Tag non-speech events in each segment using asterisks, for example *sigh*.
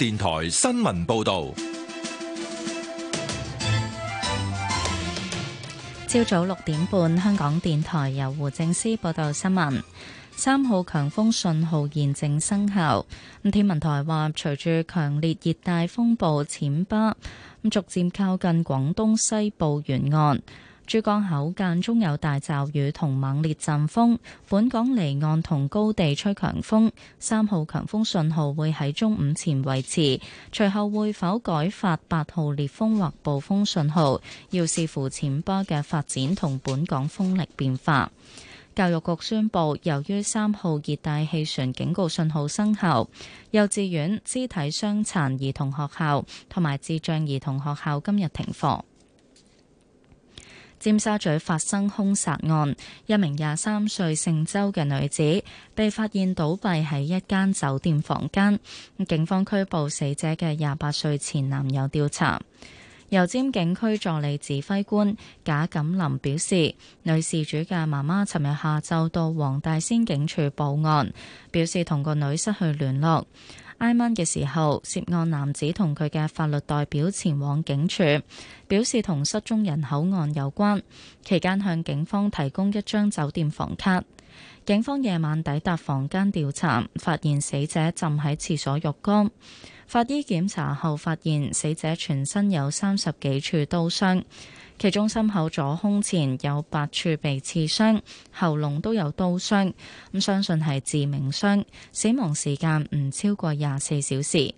電台新聞報道，朝早六點半，香港電台由胡正思報道新聞。三號強風信號現正生效。天文台話，隨住強烈熱帶風暴淺巴，逐漸靠近廣東西部沿岸。珠江口間中有大驟雨同猛烈陣風，本港離岸同高地吹強風，三號強風信號會喺中午前維持，隨後會否改發八號烈風或暴風信號，要視乎淺波嘅發展同本港風力變化。教育局宣布，由於三號熱帶氣旋警告信號生效，幼稚園、肢體傷殘兒童學校同埋智障兒童學校今日停課。尖沙咀發生兇殺案，一名廿三歲姓周嘅女子被發現倒閉喺一間酒店房間，警方拘捕死者嘅廿八歲前男友調查。油尖警區助理指揮官賈錦林表示，女事主嘅媽媽尋日下晝到黃大仙警署報案，表示同個女失去聯絡。挨晚嘅時候，涉案男子同佢嘅法律代表前往警署，表示同失蹤人口案有關。期間向警方提供一張酒店房卡。警方夜晚抵達房間調查，發現死者浸喺廁所浴缸。法醫檢查後發現死者全身有三十幾處刀傷。其中心口、左胸前有八處被刺傷，喉嚨都有刀傷，咁相信係致命傷，死亡時間唔超過廿四小時。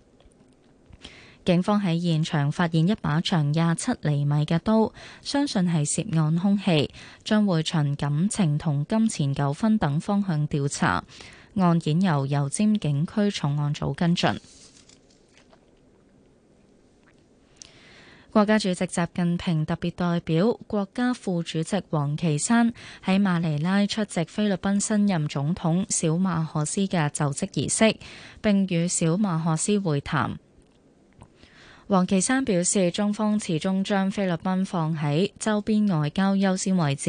警方喺現場發現一把長廿七厘米嘅刀，相信係涉案兇器，將會循感情同金錢糾紛等方向調查，案件由油尖警區重案組跟進。國家主席習近平特別代表國家副主席王岐山喺馬尼拉出席菲律賓新任總統小馬可斯嘅就職儀式，並與小馬可斯會談。王岐山表示，中方始終將菲律賓放喺周邊外交優先位置，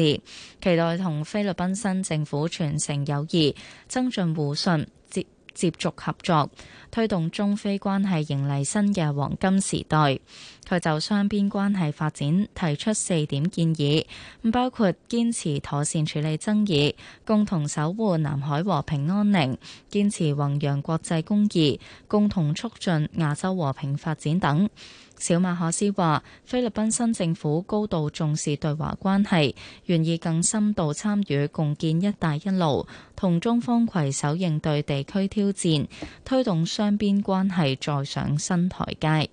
期待同菲律賓新政府傳承友誼，增進互信、接接續合作，推動中菲關係迎來新嘅黃金時代。佢就雙邊關係發展提出四點建議，包括堅持妥善處理爭議、共同守護南海和平安寧、堅持弘揚國際公義、共同促進亞洲和平發展等。小馬可斯話：菲律賓新政府高度重視對華關係，願意更深度參與共建「一帶一路」，同中方攜手應對地區挑戰，推動雙邊關係再上新台階。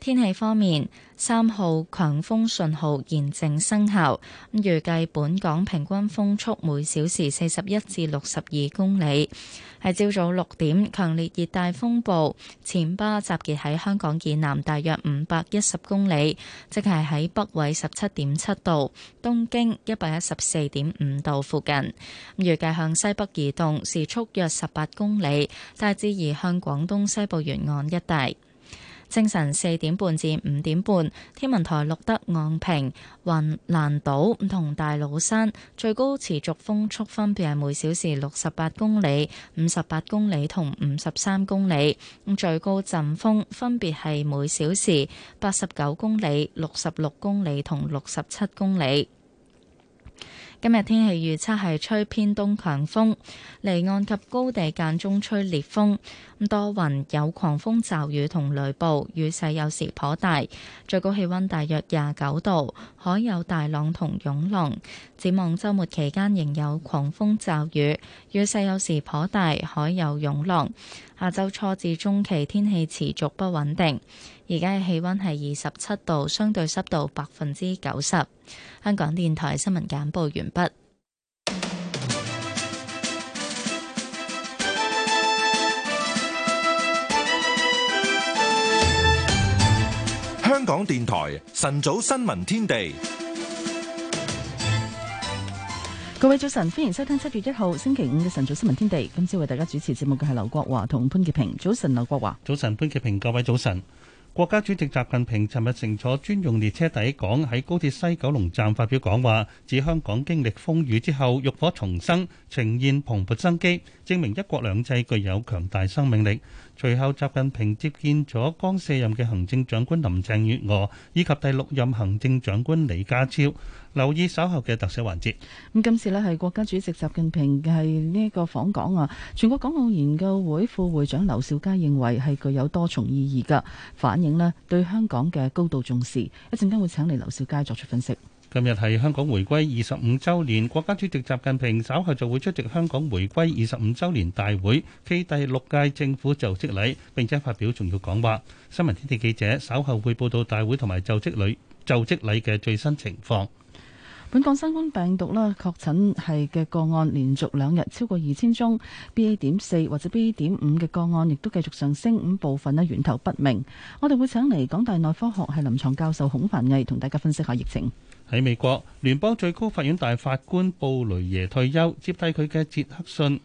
天氣方面，三號強風信號現正生效，預計本港平均風速每小時四十一至六十二公里。喺朝早六點，強烈熱帶風暴前巴集結喺香港以南大約五百一十公里，即係喺北緯十七點七度、東經一百一十四點五度附近。預計向西北移動，時速約十八公里，大致移向廣東西部沿岸一帶。清晨四點半至五點半，天文台錄得昂坪、橫瀾島同大老山最高持續風速分別係每小時六十八公里、五十八公里同五十三公里，最高陣風分別係每小時八十九公里、六十六公里同六十七公里。今日天氣預測係吹偏東強風，離岸及高地間中吹烈風，多雲有狂風驟雨同雷暴，雨勢有時頗大，最高氣温大約廿九度，海有大浪同湧浪。展望週末期間仍有狂風驟雨，雨勢有時頗大，海有湧浪。下週初至中期天氣持續不穩定。而家嘅氣溫係二十七度，相對濕度百分之九十。香港電台新聞簡報完畢。香港電台晨早新聞天地，各位早晨，歡迎收聽七月一號星期五嘅晨早新聞天地。今朝為大家主持節目嘅係劉國華同潘潔平。早晨，劉國華。早晨，潘潔平。各位早晨。國家主席習近平尋日乘坐專用列車抵港，喺高鐵西九龍站發表講話，指香港經歷風雨之後浴火重生，呈現蓬勃生機，證明一國兩制具有強大生命力。隨後，習近平接見咗剛卸任嘅行政長官林鄭月娥，以及第六任行政長官李家超。留意稍後嘅特色環節。咁今次咧係國家主席習近平係呢一個訪港啊。全國港澳研究會副會長劉少佳認為係具有多重意義嘅，反映咧對香港嘅高度重視。一陣間會請嚟劉少佳作出分析。今日係香港回歸二十五周年，國家主席習近平稍後就會出席香港回歸二十五周年大會暨第六屆政府就職禮，並且發表重要講話。新聞天地記者稍後會報道大會同埋就職禮。就職禮嘅最新情況，本港新冠病毒咧確診係嘅個案連續兩日超過二千宗，B A. 點四或者 B A. 點五嘅個案亦都繼續上升，五部分咧源頭不明。我哋會請嚟港大內科學系臨牀教授孔凡毅同大家分析下疫情。喺美國，聯邦最高法院大法官布雷耶退休，接替佢嘅傑克遜。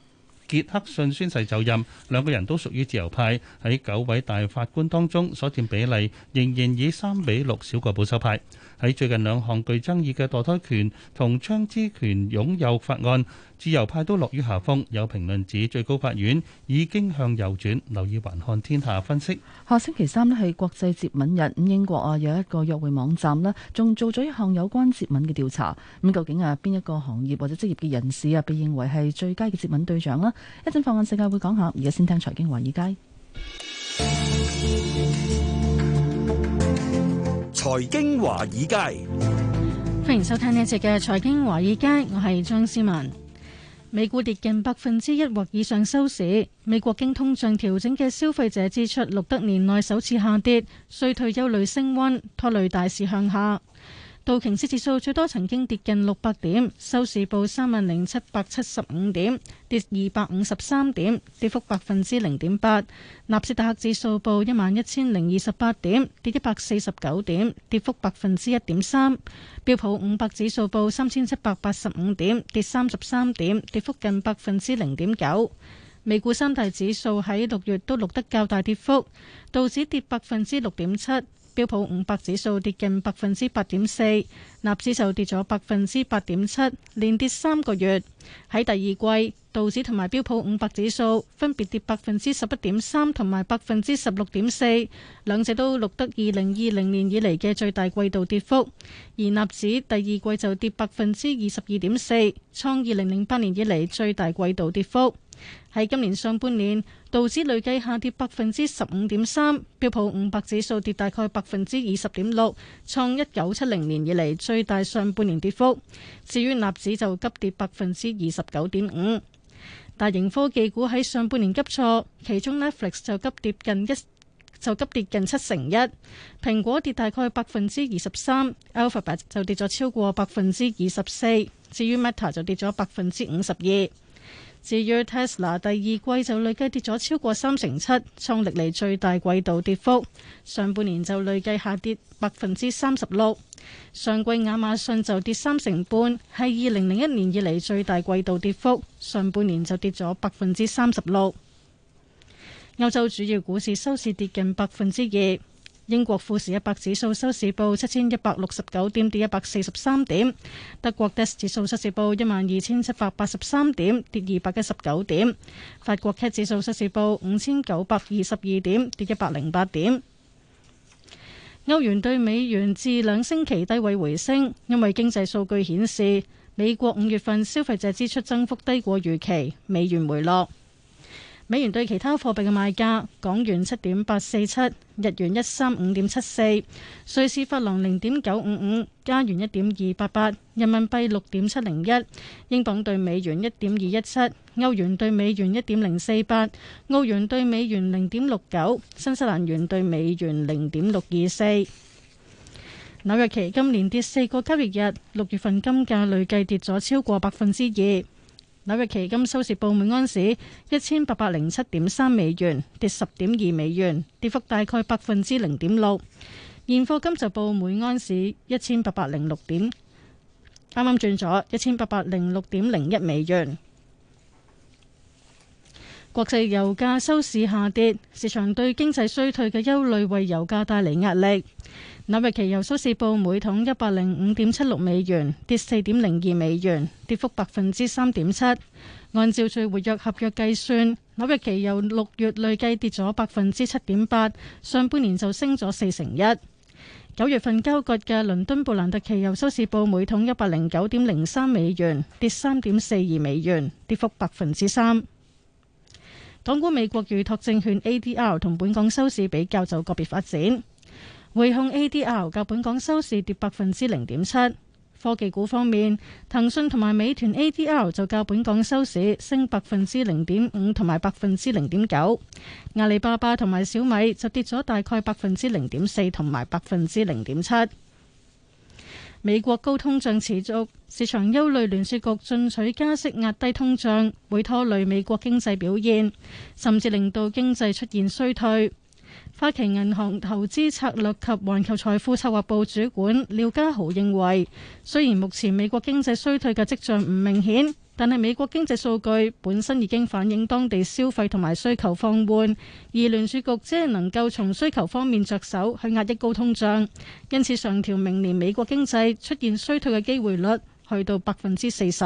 傑克遜宣誓就任，兩個人都屬於自由派，喺九位大法官當中所佔比例仍然以三比六少過保守派。喺最近兩項具爭議嘅墮胎權同槍支權擁有法案，自由派都落於下風。有評論指最高法院已經向右轉。留意環看天下分析。下星期三咧係國際接吻日，英國啊有一個約會網站咧，仲做咗一項有關接吻嘅調查。咁究竟啊邊一個行業或者職業嘅人士啊被認為係最佳嘅接吻對象咧？一陣放眼世界會講下，而家先聽財經華爾街。經財經華爾街，歡迎收聽呢一節嘅財經華爾街，我係張思文。美股跌近百分之一或以上收市，美國經通脹調整嘅消費者支出錄得年內首次下跌，衰退憂慮升溫拖累大市向下。道瓊斯指數最多曾經跌近六百點，收市報三萬零七百七十五點，跌二百五十三點，跌幅百分之零點八。納斯達克指數報一萬一千零二十八點，跌一百四十九點，跌幅百分之一點三。標普五百指數報三千七百八十五點，跌三十三點，跌幅近百分之零點九。美股三大指數喺六月都錄得較大跌幅，道指跌百分之六點七。標普五百指數跌近百分之八點四，納指就跌咗百分之八點七，連跌三個月。喺第二季，道指同埋標普五百指數分別跌百分之十一點三同埋百分之十六點四，兩者都錄得二零二零年以嚟嘅最大季度跌幅。而納指第二季就跌百分之二十二點四，創二零零八年以嚟最大季度跌幅。喺今年上半年，道指累計下跌百分之十五點三，標普五百指數跌大概百分之二十點六，創一九七零年以嚟最大上半年跌幅。至於納指就急跌百分之二十九點五，大型科技股喺上半年急挫，其中 Netflix 就急跌近一就急跌近七成一，蘋果跌大概百分之二十三，Alphabet 就跌咗超過百分之二十四，至於 Meta 就跌咗百分之五十二。至於 Tesla，第二季就累計跌咗超過三成七，創歷嚟最大季度跌幅。上半年就累計下跌百分之三十六。上季亞馬遜就跌三成半，係二零零一年以來最大季度跌幅。上半年就跌咗百分之三十六。歐洲主要股市收市跌近百分之二。英國富時一百指數，收市報七千一百六十九點，跌一百四十三點。德國 DAX 指數收市報一萬二千七百八十三點，跌二百一十九點。法國 K 指數收市報五千九百二十二點，跌一百零八點。歐元對美元至兩星期低位回升，因為經濟數據顯示美國五月份消費者支出增幅低過預期，美元回落。美元對其他貨幣嘅賣價：港元七點八四七，日元一三五點七四，瑞士法郎零點九五五，加元一點二八八，人民幣六點七零一，英鎊對美元一點二一七，歐元對美元一點零四八，澳元對美元零點六九，新西蘭元對美元零點六二四。紐約期金連跌四個交易日，六月份金價累計跌咗超過百分之二。紐約期金收市報每盎司一千八百零七點三美元，跌十點二美元，跌幅大概百分之零點六。現貨金就報每盎司一千八百零六點，啱啱轉咗一千八百零六點零一美元。國際油價收市下跌，市場對經濟衰退嘅憂慮為油價帶嚟壓力。紐約期油收市報每桶一百零五點七六美元，跌四點零二美元，跌幅百分之三點七。按照最活躍合約計算，紐約期油六月累計跌咗百分之七點八，上半年就升咗四成一。九月份交割嘅倫敦布蘭特期油收市報每桶一百零九點零三美元，跌三點四二美元，跌幅百分之三。港股美國預託證券 ADR 同本港收市比較就個別發展。匯控 ADR 較本港收市跌百分之零點七，科技股方面，騰訊同埋美團 ADR 就較本港收市升百分之零點五同埋百分之零點九，阿里巴巴同埋小米就跌咗大概百分之零點四同埋百分之零點七。美國高通脹持續，市場憂慮聯儲局進取加息壓低通脹會拖累美國經濟表現，甚至令到經濟出現衰退。花旗銀行投資策略及環球財富策劃部主管廖家豪認為，雖然目前美國經濟衰退嘅跡象唔明顯，但係美國經濟數據本身已經反映當地消費同埋需求放緩，而聯儲局只係能夠從需求方面着手去壓抑高通脹，因此上調明年美國經濟出現衰退嘅機會率去到百分之四十。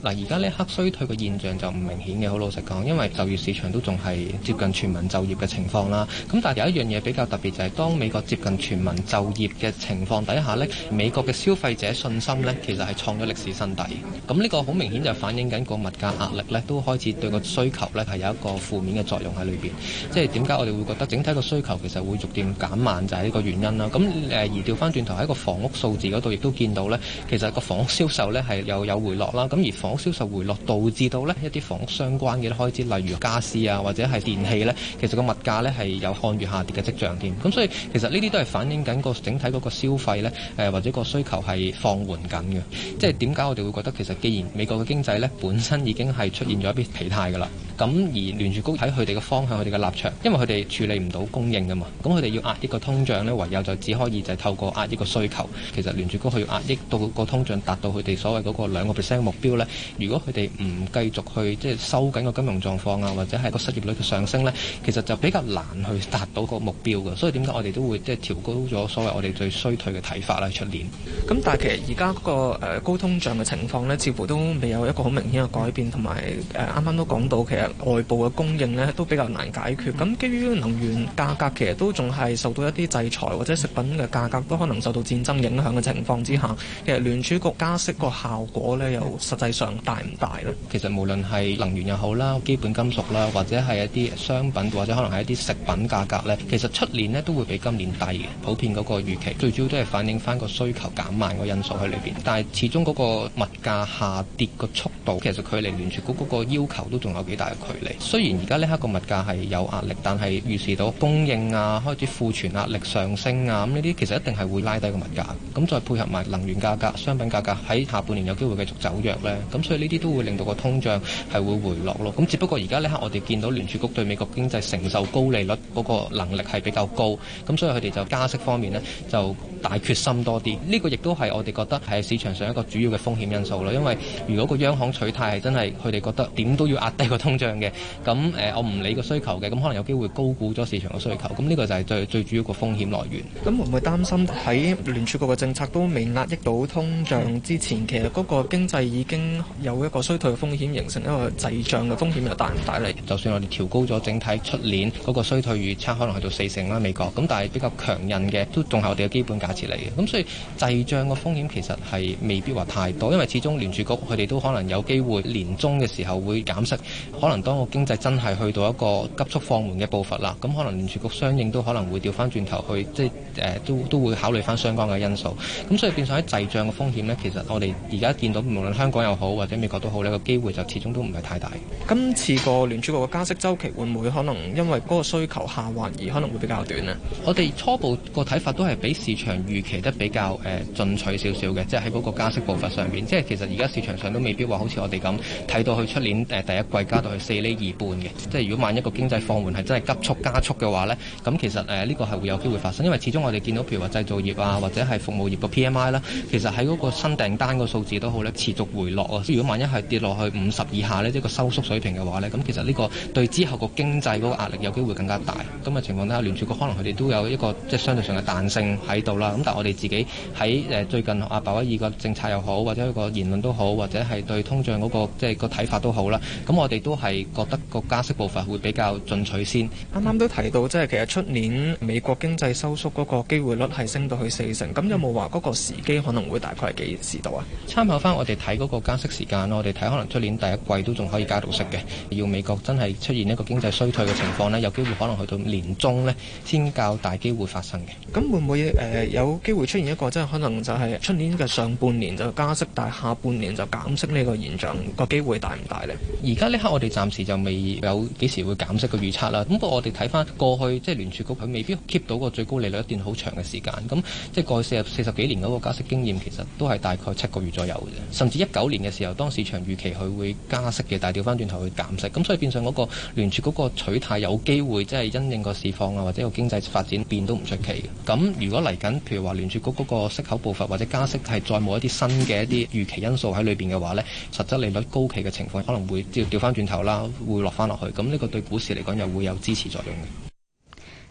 嗱，而家呢黑衰退嘅現象就唔明顯嘅，好老實講，因為就業市場都仲係接近全民就業嘅情況啦。咁但係有一樣嘢比較特別就係、是，當美國接近全民就業嘅情況底下呢，美國嘅消費者信心呢其實係創咗歷史新低。咁呢個好明顯就反映緊個物價壓力呢都開始對個需求呢係有一個負面嘅作用喺裏邊。即係點解我哋會覺得整體個需求其實會逐漸減慢，就係、是、呢個原因啦。咁誒而調翻轉頭喺個房屋數字嗰度，亦都見到呢，其實個房屋銷售呢係又有，有回落啦。咁而房房屋銷售回落，導致到呢一啲房屋相關嘅開支，例如家私啊，或者係電器呢，其實個物價呢係有按月下跌嘅跡象添。咁所以其實呢啲都係反映緊個整體嗰個消費呢，誒、呃、或者個需求係放緩緊嘅。即係點解我哋會覺得其實既然美國嘅經濟呢本身已經係出現咗一啲疲態㗎啦，咁而聯儲局喺佢哋嘅方向、佢哋嘅立場，因為佢哋處理唔到供應㗎嘛，咁佢哋要壓抑呢個通脹呢，唯有就只可以就透過壓抑呢個需求。其實聯儲局要壓抑到個通脹達到佢哋所謂嗰個兩個 percent 目標呢。如果佢哋唔繼續去即係收緊個金融狀況啊，或者係個失業率嘅上升呢，其實就比較難去達到個目標嘅。所以點解我哋都會即係調高咗所謂我哋最衰退嘅睇法啦，出年。咁但係其實而家嗰個、呃、高通脹嘅情況呢，似乎都未有一個好明顯嘅改變，同埋誒啱啱都講到，其實外部嘅供應呢都比較難解決。咁基於能源價格其實都仲係受到一啲制裁，或者食品嘅價格都可能受到戰爭影響嘅情況之下，其實聯儲局加息個效果呢，又實際上～大唔大咯？其實無論係能源又好啦、基本金屬啦，或者係一啲商品，或者可能係一啲食品價格呢，其實出年呢都會比今年低嘅，普遍嗰個預期。最主要都係反映翻個需求減慢個因素喺裏邊。但係始終嗰個物價下跌個速度，其實距離聯儲局嗰個要求都仲有幾大嘅距離。雖然而家呢刻個物價係有壓力，但係預示到供應啊、開始庫存壓力上升啊咁呢啲，其實一定係會拉低個物價。咁再配合埋能源價格、商品價格喺下半年有機會繼續走弱呢。咁所以呢啲都會令到個通脹係會回落咯。咁只不過而家呢刻我哋見到聯儲局對美國經濟承受高利率嗰個能力係比較高，咁所以佢哋就加息方面咧就大決心多啲。呢、這個亦都係我哋覺得係市場上一個主要嘅風險因素咯。因為如果個央行取態係真係佢哋覺得點都要壓低個通脹嘅，咁誒、呃，我唔理個需求嘅，咁可能有機會高估咗市場嘅需求。咁呢個就係最最主要個風險來源。咁會唔會擔心喺聯儲局嘅政策都未壓抑到通脹之前，嗯、其實嗰個經濟已經。有一個衰退嘅風險，形成一個滯脹嘅風險又大唔大利？就算我哋調高咗整體出年嗰個衰退預測，可能係到四成啦，美國。咁但係比較強韌嘅都仲係我哋嘅基本假設嚟嘅。咁所以滯脹嘅風險其實係未必話太多，因為始終聯儲局佢哋都可能有機會年終嘅時候會減息。可能當個經濟真係去到一個急速放緩嘅步伐啦，咁可能聯儲局相應都可能會調翻轉頭去，即係誒、呃、都都會考慮翻相關嘅因素。咁所以變相喺滯脹嘅風險呢，其實我哋而家見到無論香港又好。或者美國都好呢、呢個機會就始終都唔係太大。今次個聯儲局嘅加息周期會唔會可能因為嗰個需求下滑而可能會比較短呢？我哋初步個睇法都係比市場預期得比較誒進、呃、取少少嘅，即係喺嗰個加息步伐上面。即係其實而家市場上都未必話好似我哋咁睇到佢出年誒第一季加到去四厘二半嘅。即係如果萬一個經濟放緩係真係急速加速嘅話呢，咁其實誒呢、呃，呢個係會有機會發生，因為始終我哋見到譬如話製造業啊或者係服務業嘅 PMI 啦，其實喺嗰個新訂單個數字都好咧持續回落。如果萬一係跌落去五十以下呢，即、這、係個收縮水平嘅話呢，咁其實呢個對之後個經濟嗰個壓力有機會更加大。咁嘅情況底下，聯儲局可能佢哋都有一個即係相對上嘅彈性喺度啦。咁但係我哋自己喺誒最近阿鮑威爾嘅政策又好，或者一個言論都好，或者係對通脹嗰、那個即係個睇法好都好啦。咁我哋都係覺得個加息步伐會比較進取先。啱啱都提到，即係其實出年美國經濟收縮嗰個機會率係升到去四成，咁有冇話嗰個時機可能會大概係幾時到啊？參、嗯、考翻我哋睇嗰個加息。時間我哋睇可能出年第一季都仲可以加到息嘅。要美國真係出現一個經濟衰退嘅情況呢，有機會可能去到年中呢先較大機會發生嘅。咁會唔會誒、呃、有機會出現一個即係可能就係出年嘅上半年就加息，但係下半年就減息呢個現象？個機會大唔大呢？而家呢刻我哋暫時就未有幾時會減息嘅預測啦。咁不過我哋睇返過去即係聯儲局佢未必 keep 到個最高利率一段好長嘅時間。咁即係過去四十四十幾年嗰個加息經驗，其實都係大概七個月左右嘅啫，甚至一九年嘅。時候，當市場預期佢會加息嘅，但係調翻轉頭去減息，咁所以變相嗰個聯儲局個取態有機會，即係因應個市況啊，或者個經濟發展變都唔出奇嘅。咁如果嚟緊，譬如話聯儲局嗰個息口步伐或者加息係再冇一啲新嘅一啲預期因素喺裏邊嘅話呢，實質利率高企嘅情況可能會調調翻轉頭啦，會落翻落去。咁呢個對股市嚟講又會有支持作用嘅。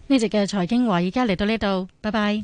呢節嘅財經話，而家嚟到呢度，拜拜。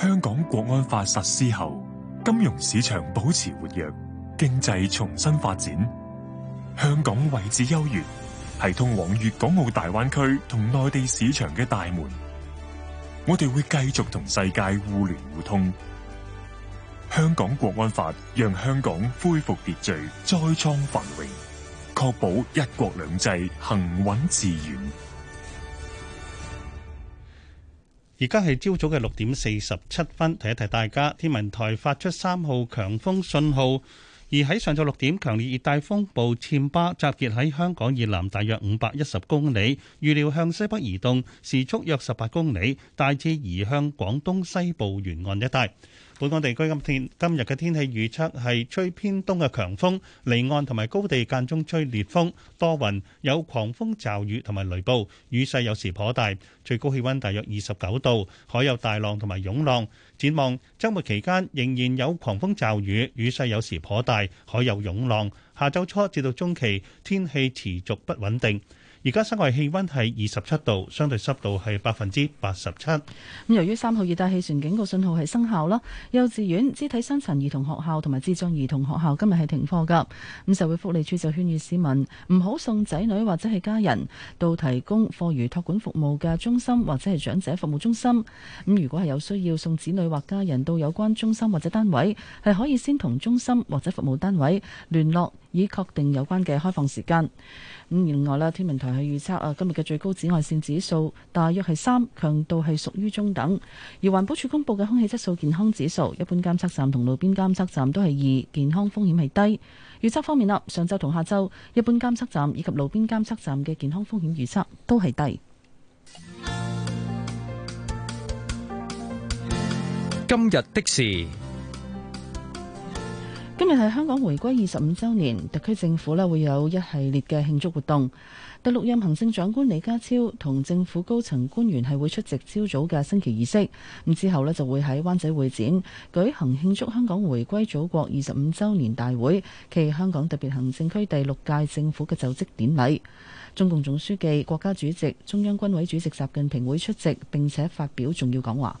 香港國安法實施後，金融市場保持活躍，經濟重新發展。香港位置優越，係通往粵港澳大灣區同內地市場嘅大門。我哋會繼續同世界互聯互通。香港國安法讓香港恢復秩序，再創繁榮，確保一國兩制行穩致遠。而家係朝早嘅六點四十七分，提一提大家，天文台發出三號強風信號，而喺上晝六點，強烈熱帶風暴暹巴集結喺香港以南大約五百一十公里，預料向西北移動，時速約十八公里，大致移向廣東西部沿岸一帶。本港地區今天今日嘅天氣預測係吹偏東嘅強風，離岸同埋高地間中吹烈風，多雲，有狂風驟雨同埋雷暴，雨勢有時頗大，最高氣溫大約二十九度，海有大浪同埋湧浪。展望週末期間仍然有狂風驟雨，雨勢有時頗大，海有湧浪。下週初至到中期天氣持續不穩定。而家室外氣溫係二十七度，相對濕度係百分之八十七。咁由於三號熱帶氣旋警告信號係生效啦，幼稚園、肢體傷殘兒童學校同埋智障兒童學校今日係停課㗎。咁社會福利署就勸喻市民唔好送仔女或者係家人到提供課餘託管服務嘅中心或者係長者服務中心。咁如果係有需要送子女或家人到有關中心或者單位，係可以先同中心或者服務單位聯絡，以確定有關嘅開放時間。咁另外啦，天文台係預測啊，今日嘅最高紫外線指數大約係三，強度係屬於中等。而環保署公布嘅空氣質素健康指數，一般監測站同路邊監測站都係二，健康風險係低。預測方面啦，上周同下周，一般監測站以及路邊監測站嘅健康風險預測都係低。今日的事。今日係香港回歸二十五週年，特區政府呢會有一系列嘅慶祝活動。第六任行政長官李家超同政府高層官員係會出席朝早嘅升旗儀式，咁之後呢，就會喺灣仔會展舉行慶祝香港回歸祖國二十五週年大會，暨香港特別行政區第六屆政府嘅就職典禮。中共總書記、國家主席、中央軍委主席習近平會出席並且發表重要講話。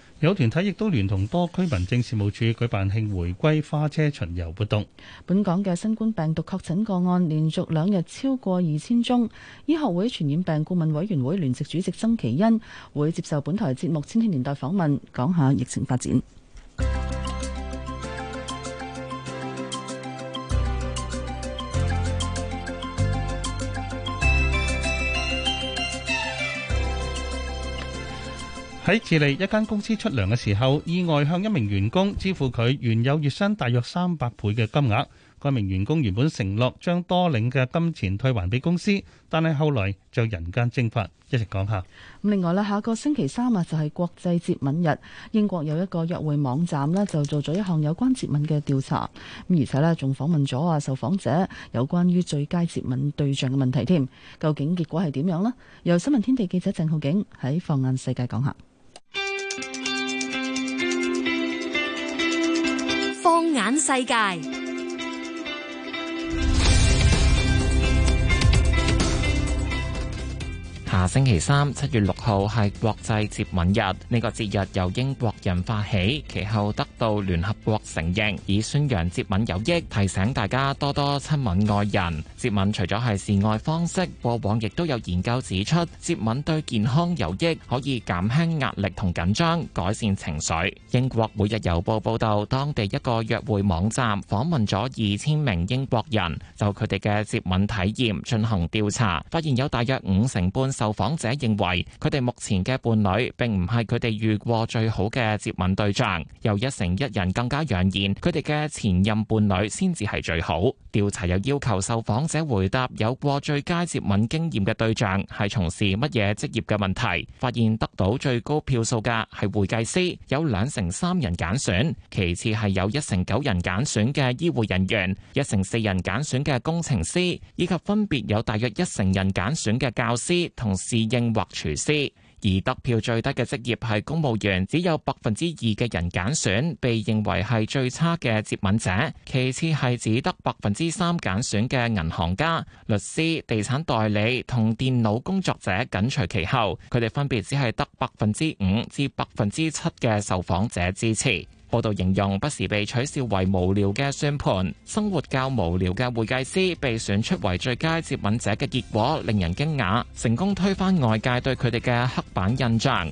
有團體亦都聯同多區民政事務處舉辦慶回歸花車巡遊活動。本港嘅新冠病毒確診個案連續兩日超過二千宗。醫學會傳染病顧問委員會聯席主席曾其恩會接受本台節目《千禧年代》訪問，講下疫情發展。喺智利一間公司出糧嘅時候，意外向一名員工支付佢原有月薪大約三百倍嘅金額。嗰名員工原本承諾將多領嘅金錢退還俾公司，但係後來就人間蒸發。一直講下咁。另外咧，下個星期三啊，就係國際接吻日。英國有一個約會網站咧，就做咗一項有關接吻嘅調查，咁而且咧仲訪問咗啊，受訪者有關於最佳接吻對象嘅問題添。究竟結果係點樣咧？由新聞天地記者鄭浩景喺放眼世界講下。放眼世界。下星期三七月六號係國際接吻日，呢個節日由英國人發起，其後得到聯合國承認，以宣揚接吻有益，提醒大家多多親吻愛人。接吻除咗係示愛方式，過往亦都有研究指出，接吻對健康有益，可以減輕壓力同緊張，改善情緒。英國每日郵報報導，當地一個約會網站訪問咗二千名英國人，就佢哋嘅接吻體驗進行調查，發現有大約五成半受訪者認為佢哋目前嘅伴侶並唔係佢哋遇過最好嘅接吻對象，有一成一人更加揚言佢哋嘅前任伴侶先至係最好。調查又要求受訪者回答有過最佳接吻經驗嘅對象係從事乜嘢職業嘅問題，發現得到最高票數嘅係會計師，有兩成三人揀選，其次係有一成九人揀選嘅醫護人員，一成四人揀選嘅工程師，以及分別有大約一成人揀選嘅教師同。同侍應或廚師，而得票最低嘅職業係公務員，只有百分之二嘅人揀選，被認為係最差嘅接吻者。其次係只得百分之三揀選嘅銀行家、律師、地產代理同電腦工作者緊隨其後，佢哋分別只係得百分之五至百分之七嘅受訪者支持。報道形容不時被取笑為無聊嘅算盤，生活較無聊嘅會計師被選出為最佳接吻者嘅結果，令人驚訝，成功推翻外界對佢哋嘅刻板印象。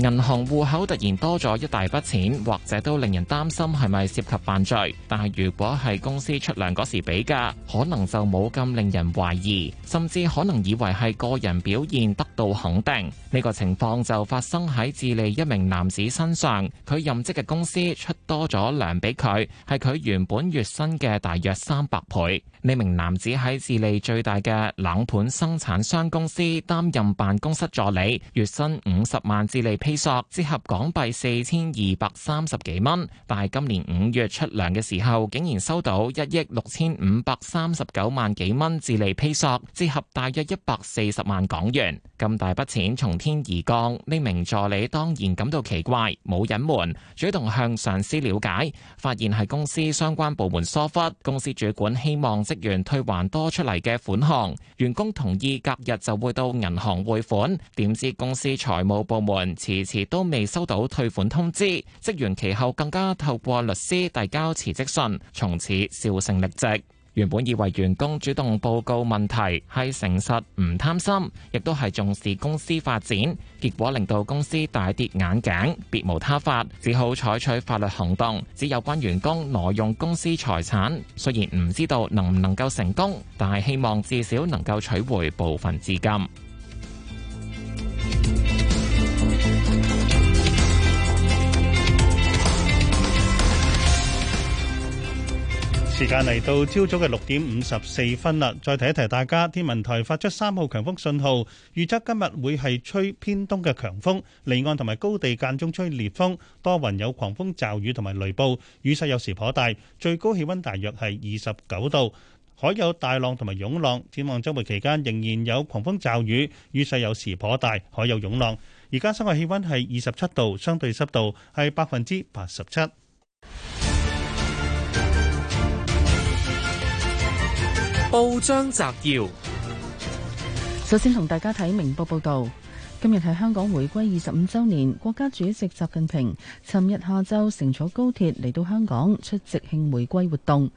銀行戶口突然多咗一大筆錢，或者都令人擔心係咪涉及犯罪。但係如果係公司出糧嗰時俾㗎，可能就冇咁令人懷疑，甚至可能以為係個人表現得到肯定。呢個情況就發生喺智利一名男子身上。佢任職嘅公司出多咗糧俾佢，係佢原本月薪嘅大約三百倍。呢名男子喺智利最大嘅冷盤生產商公司擔任辦公室助理，月薪五十萬智利披索，折合港幣四千二百三十幾蚊，但係今年五月出糧嘅時候，竟然收到一億六千五百三十九萬幾蚊智利披索，折合大約一百四十萬港元。咁大筆錢從天而降，呢名助理當然感到奇怪，冇隱瞞，主動向上司了解，發現係公司相關部門疏忽，公司主管希望職員退還多出嚟嘅款項，員工同意隔日就會到銀行匯款，點知公司財務部門遲。遲遲都未收到退款通知，職員其後更加透過律師遞交辭職信，從此銷聲匿跡。原本以為員工主動報告問題係誠實，唔貪心，亦都係重視公司發展，結果令到公司大跌眼鏡，別無他法，只好採取法律行動，指有關員工挪用公司財產。雖然唔知道能唔能夠成功，但係希望至少能夠取回部分資金。時間嚟到朝早嘅六點五十四分啦，再提一提大家，天文台發出三號強風信號，預測今日會係吹偏東嘅強風，離岸同埋高地間中吹烈風，多雲有狂風驟雨同埋雷暴，雨勢有時頗大，最高氣溫大約係二十九度，海有大浪同埋湧浪，展望週末期間仍然有狂風驟雨，雨勢有時頗大，海有湧浪。而家室外氣溫係二十七度，相對濕度係百分之八十七。報章摘要，首先同大家睇明報報道，今日係香港回歸二十五周年，國家主席習近平尋日下晝乘坐高鐵嚟到香港出席慶回歸活動。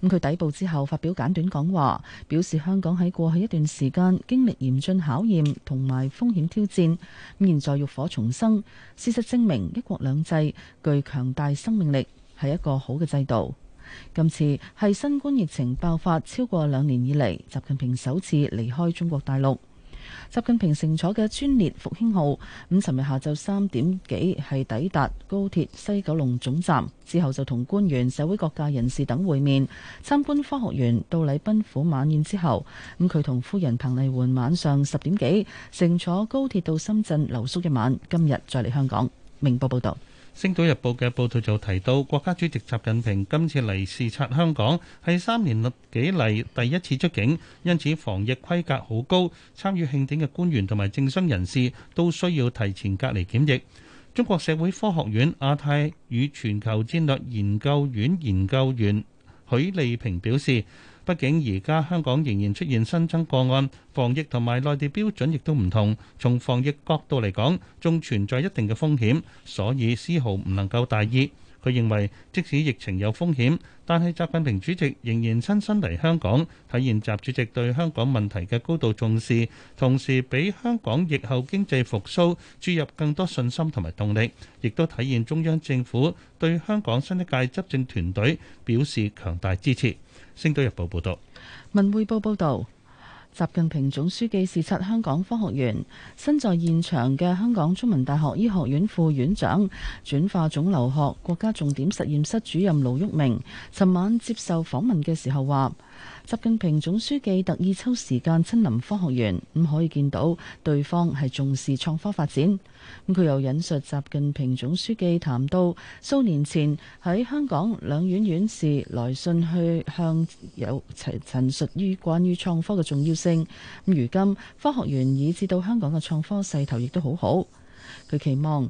咁佢抵埗之後發表簡短講話，表示香港喺過去一段時間經歷嚴峻考驗同埋風險挑戰，咁現在浴火重生，事實證明一國兩制具強大生命力，係一個好嘅制度。今次係新冠疫情爆發超過兩年以嚟，習近平首次離開中國大陸。習近平乘坐嘅專列復興號，咁尋日下晝三點幾係抵達高鐵西九龍總站，之後就同官員、社會各界人士等會面、參觀科學園，到禮賓府晚宴之後，咁佢同夫人彭麗媛晚上十點幾乘坐高鐵到深圳留宿一晚，今日再嚟香港。明報報道。《星島日報》嘅報道就提到，國家主席習近平今次嚟視察香港係三年幾嚟第一次出境，因此防疫規格好高，參與慶典嘅官員同埋政商人士都需要提前隔離檢疫。中國社會科學院亞太與全球戰略研究院研究員許利平表示。畢竟而家香港仍然出現新增個案，防疫同埋內地標準亦都唔同。從防疫角度嚟講，仲存在一定嘅風險，所以絲毫唔能夠大意。佢認為，即使疫情有風險，但係習近平主席仍然親身嚟香港，體現習主席對香港問題嘅高度重視，同時俾香港疫後經濟復甦注入更多信心同埋動力，亦都體現中央政府對香港新一屆執政團隊表示強大支持。星島日報報道，文匯報報道，習近平總書記視察香港科學園。身在現場嘅香港中文大學醫學院副院長、轉化腫瘤學國家重點實驗室主任盧煜明，尋晚接受訪問嘅時候話。習近平總書記特意抽時間親臨科學園，咁可以見到對方係重視創科發展。咁佢又引述習近平總書記談到，數年前喺香港兩院院士來信去向有陳陳述於關於創科嘅重要性。咁如今科學園以至到香港嘅創科勢頭亦都好好。佢期望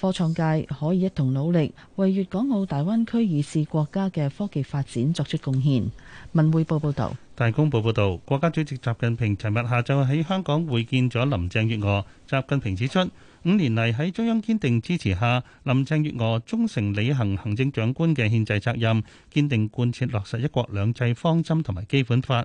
科創界可以一同努力，為粵港澳大灣區以至國家嘅科技發展作出貢獻。文匯報報道，大公報報道，國家主席習近平尋日下晝喺香港會見咗林鄭月娥。習近平指出，五年嚟，喺中央堅定支持下，林鄭月娥忠誠履行行政長官嘅憲制責任，堅定貫徹落實一國兩制方針同埋基本法。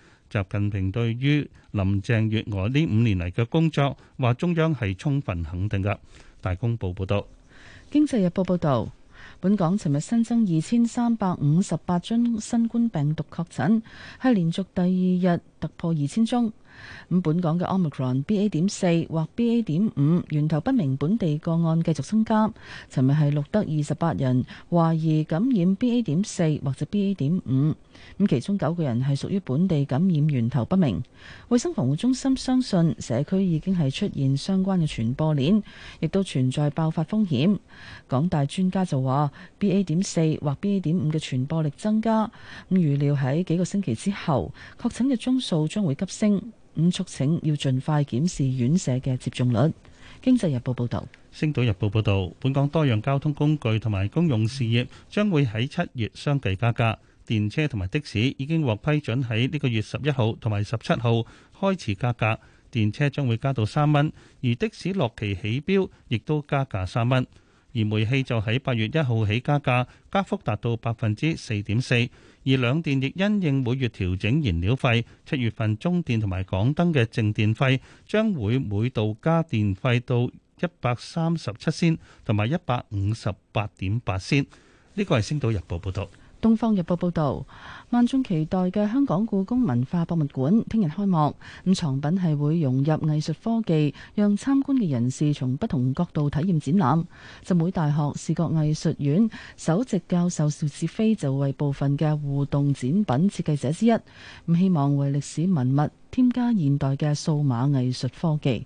習近平對於林鄭月娥呢五年嚟嘅工作，話中央係充分肯定嘅。大公報報道，經濟日報報道，本港尋日新增二千三百五十八宗新冠病毒確診，係連續第二日。突破二千宗咁，本港嘅 Omicron BA. 點四或 BA. 點五源頭不明本地個案繼續增加。尋日係錄得二十八人懷疑感染 BA. 點四或者 BA. 點五，咁其中九個人係屬於本地感染源頭不明。衛生防護中心相信社區已經係出現相關嘅傳播鏈，亦都存在爆發風險。港大專家就話 BA. 點四或 BA. 點五嘅傳播力增加，咁預料喺幾個星期之後確診嘅中數將會急升，咁促請要盡快檢視院舍嘅接種率。經濟日報報道，星島日報報道，本港多樣交通工具同埋公用事業將會喺七月相繼加價。電車同埋的士已經獲批准喺呢個月十一號同埋十七號開始加價，電車將會加到三蚊，而的士落旗起錶亦都加價三蚊。而煤氣就喺八月一號起加價，加幅達到百分之四點四。而兩電亦因應每月調整燃料費，七月份中電同埋港燈嘅淨電費將會每度加電費到一百三十七仙同埋一百五十八點八仙。呢個係星島日報報導。《東方日報》報導，萬眾期待嘅香港故宮文化博物館聽日開幕，咁藏品係會融入藝術科技，讓參觀嘅人士從不同角度體驗展覽。浸會大學視覺藝術院首席教授邵志飛就為部分嘅互動展品設計者之一，咁希望為歷史文物添加現代嘅數碼藝術科技。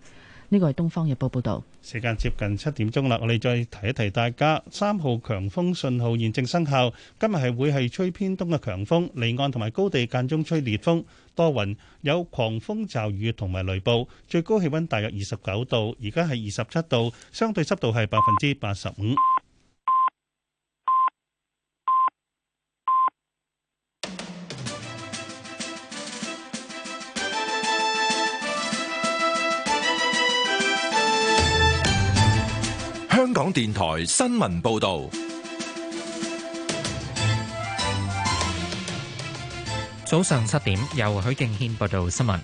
呢個係東方日報報道，時間接近七點鐘啦，我哋再提一提大家，三號強風信號現正生效，今日係會係吹偏東嘅強風，離岸同埋高地間中吹烈風，多雲，有狂風驟雨同埋雷暴，最高氣溫大約二十九度，而家係二十七度，相對濕度係百分之八十五。香港電台新聞報道，早上七點，由許敬軒報道新聞。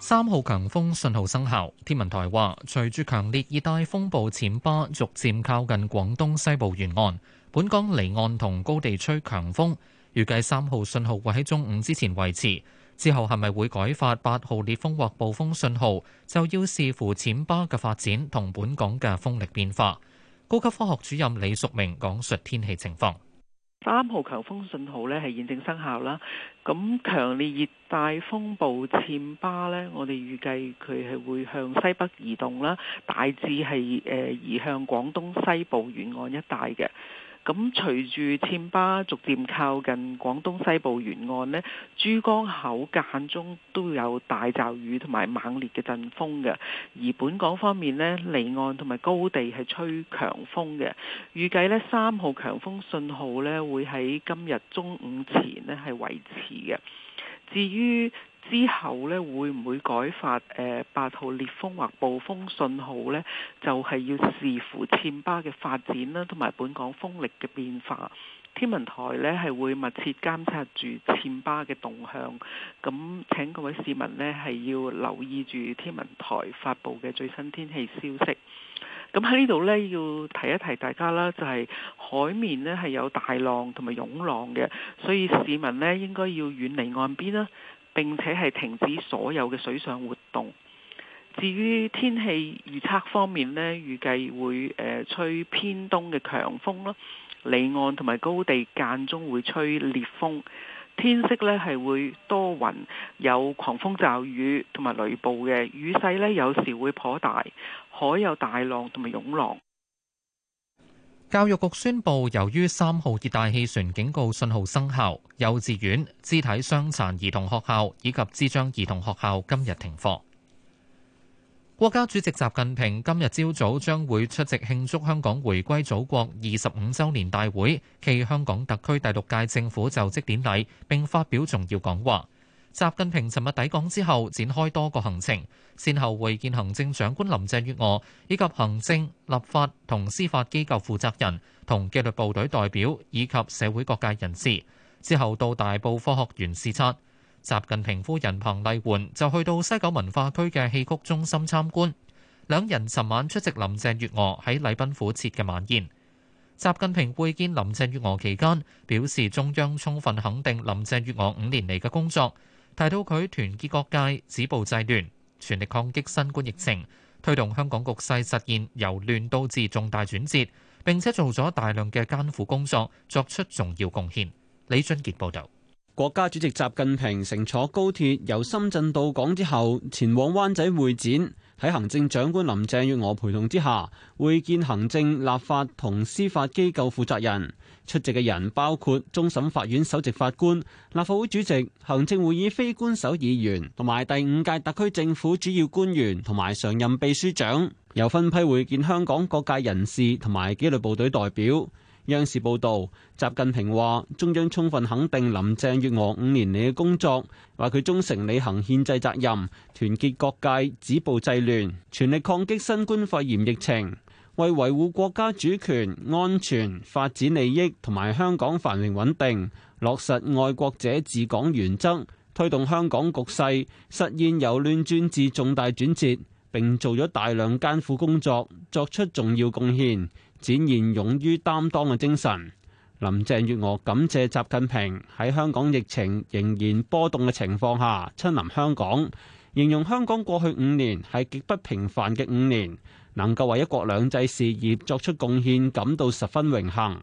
三號強風信號生效，天文台話，隨住強烈熱帶風暴暹芭逐漸靠近廣東西部沿岸，本港離岸同高地吹強風，預計三號信號會喺中午之前維持。之後係咪會改發八號烈風或暴風信號，就要視乎暹芭嘅發展同本港嘅風力變化。高級科學主任李淑明講述天氣情況：三號強風信號呢係現正生效啦，咁強烈熱帶風暴暹芭呢，我哋預計佢係會向西北移動啦，大致係誒移向廣東西部沿岸一帶嘅。咁隨住天巴逐漸靠近廣東西部沿岸呢，珠江口間中都有大驟雨同埋猛烈嘅陣風嘅。而本港方面呢，離岸同埋高地係吹強風嘅。預計呢三號強風信號呢會喺今日中午前呢係維持嘅。至於之後呢，會唔會改發八號烈風或暴風信號呢？就係要視乎暹芭嘅發展啦，同埋本港風力嘅變化。天文台呢係會密切監察住暹芭嘅動向。咁請各位市民呢係要留意住天文台發布嘅最新天氣消息。咁喺呢度呢，要提一提大家啦，就係海面呢係有大浪同埋湧浪嘅，所以市民呢應該要遠離岸邊啦。並且係停止所有嘅水上活動。至於天氣預測方面呢，預計會誒吹偏東嘅強風啦，離岸同埋高地間中會吹烈風，天色呢係會多雲，有狂風驟雨同埋雷暴嘅雨勢呢，有時會頗大，海有大浪同埋湧浪。教育局宣布，由於三號熱帶氣旋警告信號生效，幼稚園、肢體傷殘兒童學校以及智障兒童學校今日停課。國家主席習近平今日朝早將會出席慶祝香港回歸祖國二十五週年大會，暨香港特區第六屆政府就職典禮並發表重要講話。習近平尋日抵港之後，展開多個行程，先後會見行政長官林鄭月娥以及行政、立法同司法機構負責人、同紀律部隊代表以及社會各界人士。之後到大埔科學園視察。習近平夫人彭麗媛就去到西九文化區嘅戲曲中心參觀。兩人尋晚出席林鄭月娥喺禮賓府設嘅晚宴。習近平會見林鄭月娥期間，表示中央充分肯定林鄭月娥五年嚟嘅工作。提到佢團結各界、止暴制亂，全力抗擊新冠疫情、推動香港局勢實現由亂到治重大轉折，並且做咗大量嘅艱苦工作，作出重要貢獻。李俊杰報道，國家主席習近平乘坐高鐵由深圳到港之後前往灣仔會展。喺行政長官林鄭月娥陪同之下，會見行政、立法同司法機構負責人。出席嘅人包括終審法院首席法官、立法會主席、行政會議非官守議員，同埋第五屆特區政府主要官員同埋常任秘書長。又分批會見香港各界人士同埋紀律部隊代表。央視報道，習近平話中央充分肯定林鄭月娥五年嚟嘅工作，話佢忠誠履行憲制責任，團結各界，止暴制亂，全力抗擊新冠肺炎疫情，為維護國家主權、安全、發展利益同埋香港繁榮穩定，落實愛國者治港原則，推動香港局勢，實現由亂轉治重大轉折，並做咗大量艱苦工作，作出重要貢獻。展現勇於擔當嘅精神。林鄭月娥感謝習近平喺香港疫情仍然波動嘅情況下親臨香港，形容香港過去五年係極不平凡嘅五年，能夠為一國兩制事業作出貢獻，感到十分榮幸。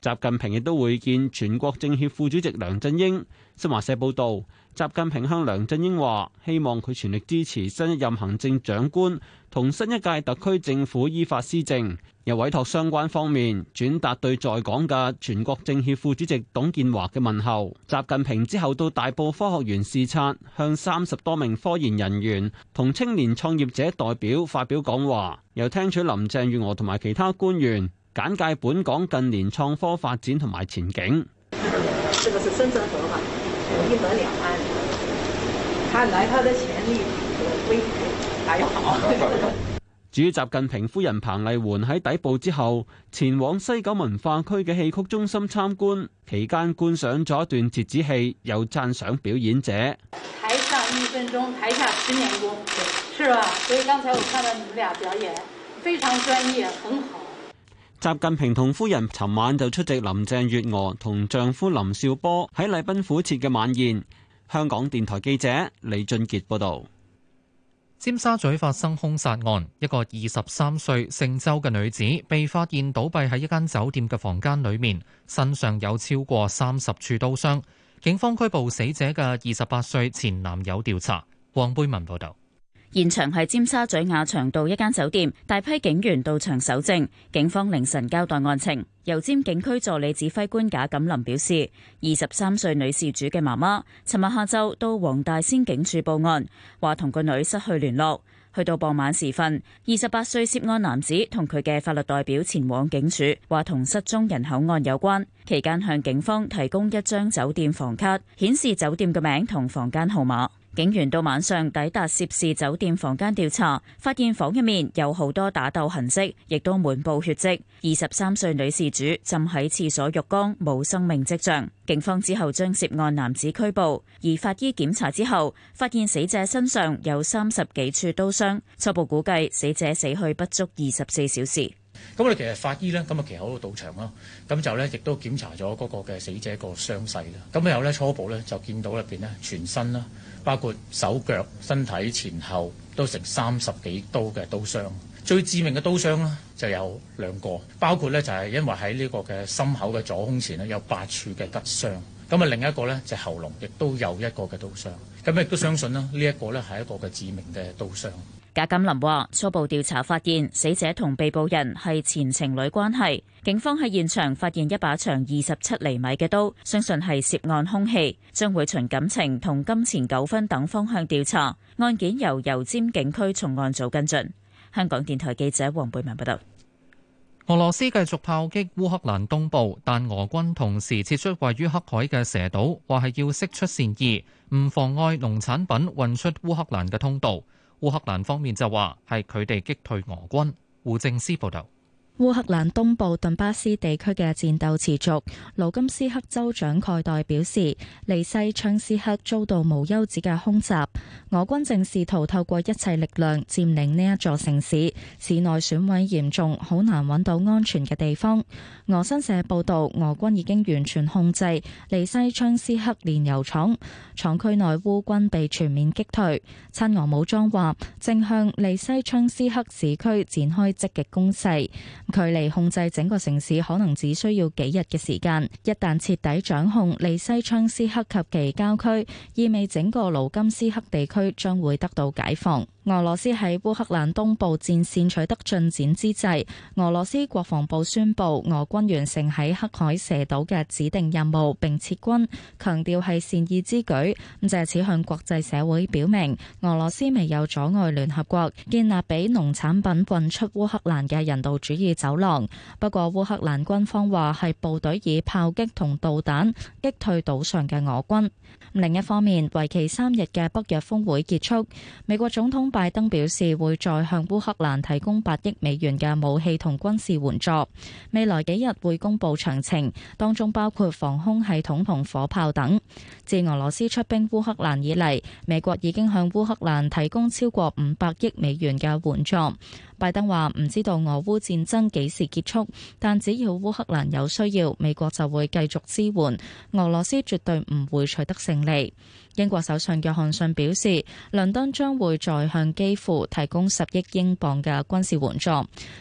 習近平亦都會見全國政協副主席梁振英。新華社報道。習近平向梁振英話：希望佢全力支持新一任行政長官同新一屆特區政府依法施政，又委託相關方面轉達對在港嘅全國政協副主席董建華嘅問候。習近平之後到大埔科學園視察，向三十多名科研人員同青年創業者代表發表講話，又聽取林鄭月娥同埋其他官員簡介本港近年創科發展同埋前景。這個是深圳河嘛？一河兩岸。至於習近平夫人彭麗媛喺底部之後，前往西九文化區嘅戲曲中心參觀，期間觀賞咗一段折子戲，又讚賞表演者。台上一分鐘，台下十年功，是吧？所以剛才我看到你們倆表演非常專業，很好。習近平同夫人尋晚就出席林鄭月娥同丈夫林兆波喺禮賓府設嘅晚宴。香港電台記者李俊杰報道：尖沙咀發生兇殺案，一個二十三歲姓周嘅女子被發現倒斃喺一間酒店嘅房間裏面，身上有超過三十處刀傷。警方拘捕死者嘅二十八歲前男友調查。黃貝文報道。現場係尖沙咀亞長道一間酒店，大批警員到場搜證。警方凌晨交代案情，油尖警區助理指揮官賈錦林表示，二十三歲女事主嘅媽媽，尋日下晝到黃大仙警署報案，話同個女失去聯絡。去到傍晚時分，二十八歲涉案男子同佢嘅法律代表前往警署，話同失蹤人口案有關。期間向警方提供一張酒店房卡，顯示酒店嘅名同房間號碼。警員到晚上抵達涉事酒店房間調查，發現房入面有好多打鬥痕迹，亦都滿布血迹。二十三歲女事主浸喺廁所浴缸，冇生命迹象。警方之後將涉案男子拘捕，而法醫檢查之後發現死者身上有三十幾處刀傷，初步估計死者死去不足二十四小時。咁我哋其實法醫咧，咁啊其實好到場咯，咁就咧亦都檢查咗嗰個嘅死者個傷勢啦。咁然後咧初步咧就見到入邊咧全身啦，包括手腳、身體前後都成三十幾刀嘅刀傷。最致命嘅刀傷呢，就有兩個，包括咧就係因為喺呢個嘅心口嘅左胸前呢，有八處嘅吉傷。咁啊另一個咧就喉嚨亦都有一個嘅刀傷。咁亦都相信啦，呢一個咧係一個嘅致命嘅刀傷。賈金林話：初步調查發現，死者同被捕人係前情侶關係。警方喺現場發現一把長二十七厘米嘅刀，相信係涉案兇器，將會循感情同金錢糾紛等方向調查，案件由油尖警區重案組跟進。香港電台記者黃貝文報道。俄羅斯繼續炮擊烏克蘭東部，但俄軍同時撤出位於黑海嘅蛇島，話係要釋出善意，唔妨礙農產品運出烏克蘭嘅通道。烏克蘭方面就話係佢哋擊退俄軍。胡政思報道。烏克蘭東部頓巴斯地區嘅戰鬥持續。盧甘斯克州長蓋代表示，利西昌斯克遭到無休止嘅空襲，俄軍正試圖透過一切力量佔領呢一座城市，市內損毀嚴重，好難揾到安全嘅地方。俄新社報道，俄軍已經完全控制利西昌斯克煉油廠，廠區內烏軍被全面擊退。親俄武裝話，正向利西昌斯克市區展開積極攻勢。距離控制整個城市可能只需要幾日嘅時間。一旦徹底掌控利西昌斯克及其郊區，意味整個盧甘斯克地區將會得到解放。俄羅斯喺烏克蘭東部戰線取得進展之際，俄羅斯國防部宣布俄軍完成喺黑海蛇島嘅指定任務並撤軍，強調係善意之舉。咁藉此向國際社會表明，俄羅斯未有阻礙聯合國建立俾農產品運出烏克蘭嘅人道主義。走廊。不過，烏克蘭軍方話係部隊以炮擊同導彈擊退島上嘅俄軍。另一方面，為期三日嘅北約峰會結束，美國總統拜登表示會再向烏克蘭提供八億美元嘅武器同軍事援助。未來幾日會公布詳情，當中包括防空系統同火炮等。自俄羅斯出兵烏克蘭以嚟，美國已經向烏克蘭提供超過五百億美元嘅援助。拜登話唔知道俄烏戰爭幾時結束，但只要烏克蘭有需要，美國就會繼續支援。俄羅斯絕對唔會取得勝利。英國首相約翰遜表示，倫敦將會再向基輔提供十億英鎊嘅軍事援助。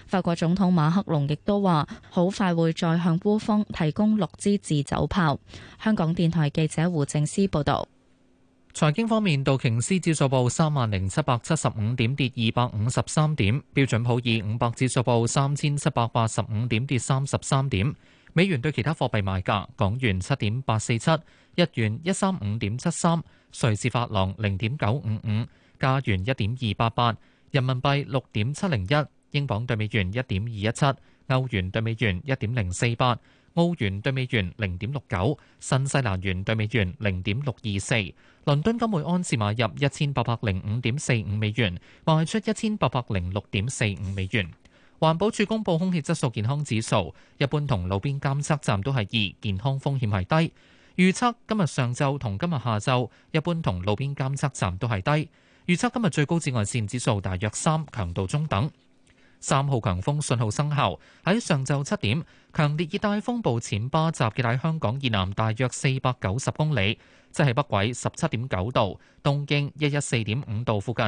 法國總統馬克龍亦都話，好快會再向烏方提供六支自走炮。香港電台記者胡正思報道。財經方面，道瓊斯指數報三萬零七百七十五點，跌二百五十三點；標準普爾五百指數報三千七百八十五點，跌三十三點。美元對其他貨幣賣價：港元七點八四七，日元一三五點七三，瑞士法郎零點九五五，加元一點二八八，人民幣六點七零一，英鎊對美元一點二一七，歐元對美元一點零四八。澳元兌美元零點六九，新西蘭元兌美元零點六二四。倫敦金每安士買入一千八百零五點四五美元，賣出一千八百零六點四五美元。環保署公布空氣質素健康指數，一般同路邊監測站都係二，健康風險係低。預測今日上晝同今日下晝，一般同路邊監測站都係低。預測今日最高紫外線指數大約三，強度中等。三號強風信號生效，喺上晝七點，強烈熱帶風暴淺巴集結喺香港以南大約四百九十公里，即係北緯十七點九度，東經一一四點五度附近。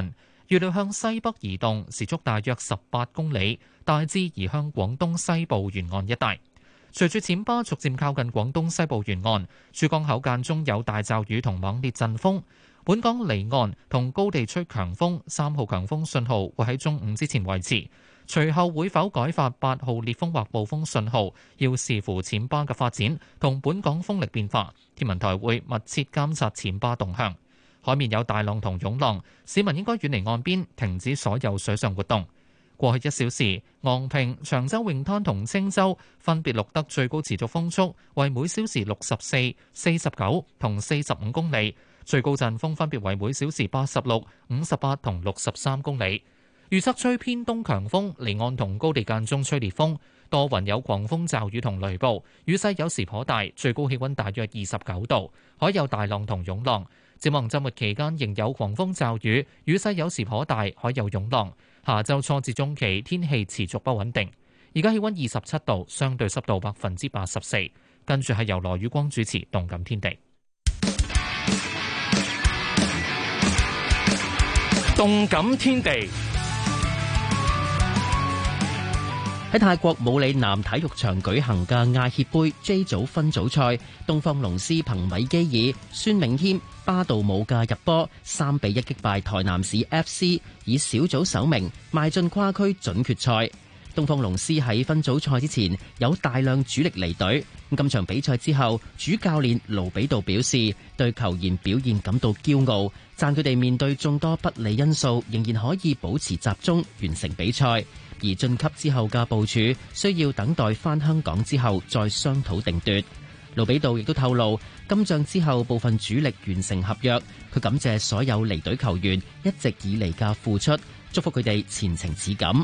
預料向西北移動，時速大約十八公里，大致移向廣東西部沿岸一帶。隨住淺巴逐漸靠近廣東西部沿岸，珠江口間中有大驟雨同猛烈陣風。本港離岸同高地吹強風，三號強風信號會喺中午之前維持。隨後會否改發八號烈風或暴風信號，要視乎暹芭嘅發展同本港風力變化。天文台會密切監察暹芭動向。海面有大浪同湧浪，市民應該遠離岸邊，停止所有水上活動。過去一小時，昂坪、長洲泳灘同青洲分別錄得最高持續風速為每小時六十四、四十九同四十五公里，最高陣風分別為每小時八十六、五十八同六十三公里。預測吹偏東強風，離岸同高地間中吹烈風，多雲有狂風驟雨同雷暴，雨勢有時頗大，最高氣溫大約二十九度，海有大浪同湧浪。展望週末期間仍有狂風驟雨，雨勢有時頗大，海有湧浪。下週初至中期天氣持續不穩定。而家氣溫二十七度，相對濕度百分之八十四。跟住係由羅宇光主持《動感天地》，《動感天地》。喺泰國武里南體育場舉行嘅亞協盃 J 組分組賽，東方龍獅憑米基爾、孫明謙、巴道姆嘅入波，三比一擊敗台南市 FC，以小組首名邁進跨區準決賽。東方龍獅喺分組賽之前有大量主力離隊，咁今場比賽之後，主教練盧比杜表示對球員表現感到驕傲，讚佢哋面對眾多不利因素仍然可以保持集中完成比賽。而晉級之後嘅部署需要等待返香港之後再商討定奪。盧比杜亦都透露今仗之後部分主力完成合約，佢感謝所有離隊球員一直以嚟嘅付出，祝福佢哋前程似錦。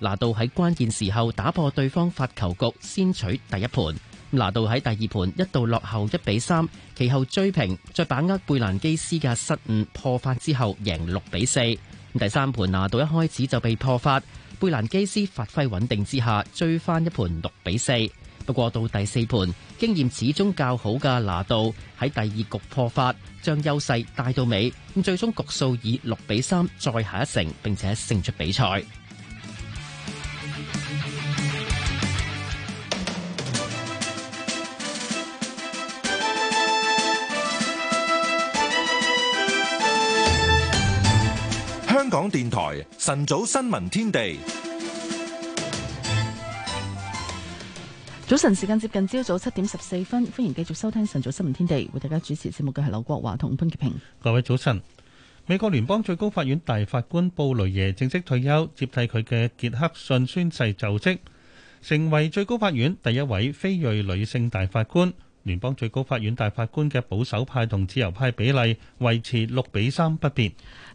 拿度喺關鍵時候打破對方發球局，先取第一盤。拿度喺第二盤一度落後一比三，其後追平，再把握貝蘭基斯嘅失誤破發之後，贏六比四。第三盤拿度一開始就被破發，貝蘭基斯發揮穩定之下追翻一盤六比四。不過到第四盤，經驗始終較好嘅拿度喺第二局破發，將優勢帶到尾，最終局數以六比三再下一城，並且勝出比賽。港電台晨早新聞天地，早晨時間接近朝早七點十四分，歡迎繼續收聽晨早新聞天地，為大家主持節目嘅係劉國華同潘潔平。各位早晨！美國聯邦最高法院大法官布雷耶正式退休，接替佢嘅傑克遜宣誓就職，成為最高法院第一位非裔女性大法官。聯邦最高法院大法官嘅保守派同自由派比例維持六比三不變。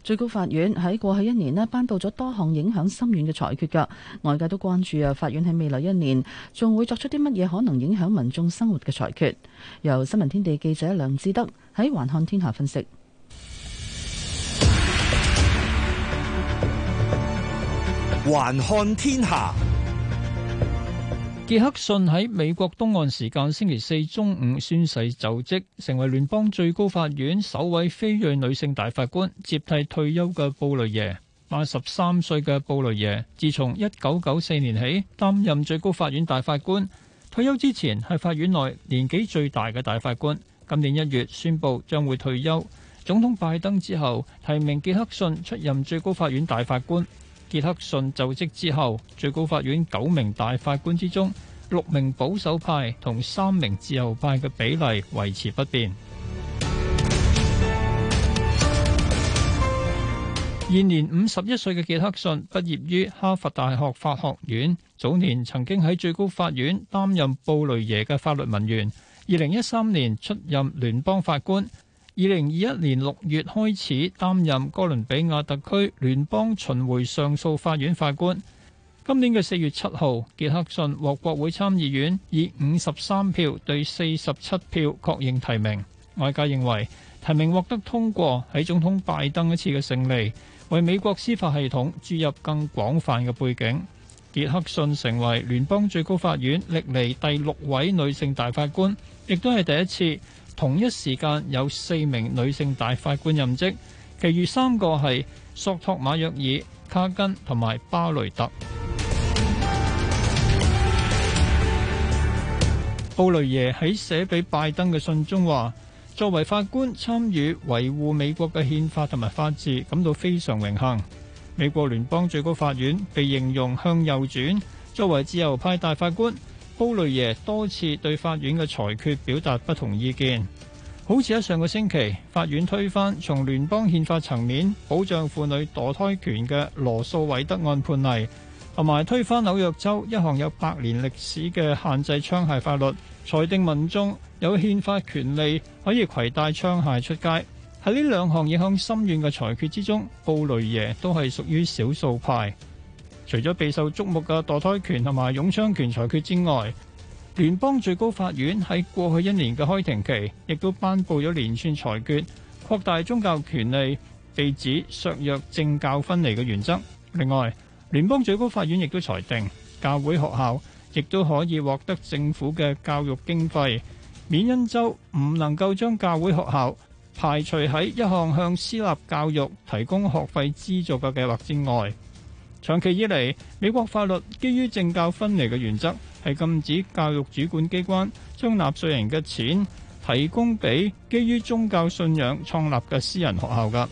最高法院喺過去一年呢，頒布咗多項影響深遠嘅裁決噶，外界都關注啊，法院喺未來一年仲會作出啲乜嘢可能影響民眾生活嘅裁決。由新聞天地記者梁志德喺《還看天下》分析，《還看天下》。傑克遜喺美國東岸時間星期四中午宣誓就職，成為聯邦最高法院首位非裔女性大法官，接替退休嘅布雷耶。八十三歲嘅布雷耶，自從一九九四年起擔任最高法院大法官，退休之前係法院內年紀最大嘅大法官。今年一月宣布將會退休。總統拜登之後提名傑克遜出任最高法院大法官。傑克遜就職之後，最高法院九名大法官之中，六名保守派同三名自由派嘅比例維持不變。 *music* 現年五十一歲嘅傑克遜畢業於哈佛大學法學院，早年曾經喺最高法院擔任布雷耶嘅法律文員，二零一三年出任聯邦法官。二零二一年六月開始擔任哥倫比亞特區聯邦巡迴上訴法院法官。今年嘅四月七號，傑克遜獲國會參議院以五十三票對四十七票確認提名。外界認為提名獲得通過喺總統拜登一次嘅勝利，為美國司法系統注入更廣泛嘅背景。傑克遜成為聯邦最高法院歷嚟第六位女性大法官，亦都係第一次。同一時間有四名女性大法官任職，其餘三個係索托馬約爾、卡根同埋巴雷特。布雷耶喺寫俾拜登嘅信中話，作為法官參與維護美國嘅憲法同埋法治，感到非常榮幸。美國聯邦最高法院被形容向右轉，作為自由派大法官。布雷耶多次對法院嘅裁決表達不同意見，好似喺上個星期，法院推翻從聯邦憲法層面保障婦女墮胎權嘅羅訴韋德案判例，同埋推翻紐約州一項有百年歷史嘅限制槍械法律，裁定民眾有憲法權利可以携帶槍械出街。喺呢兩項影響深遠嘅裁決之中，布雷耶都係屬於少數派。除咗備受矚目嘅墮胎權同埋擁槍權裁決之外，聯邦最高法院喺過去一年嘅開庭期，亦都頒布咗連串裁決擴大宗教權利，被指削弱政教分離嘅原則。另外，聯邦最高法院亦都裁定，教會學校亦都可以獲得政府嘅教育經費，緬因州唔能夠將教會學校排除喺一項向私立教育提供學費資助嘅計劃之外。長期以嚟，美國法律基於政教分離嘅原則，係禁止教育主管機關將納稅人嘅錢提供俾基於宗教信仰創立嘅私人學校㗎。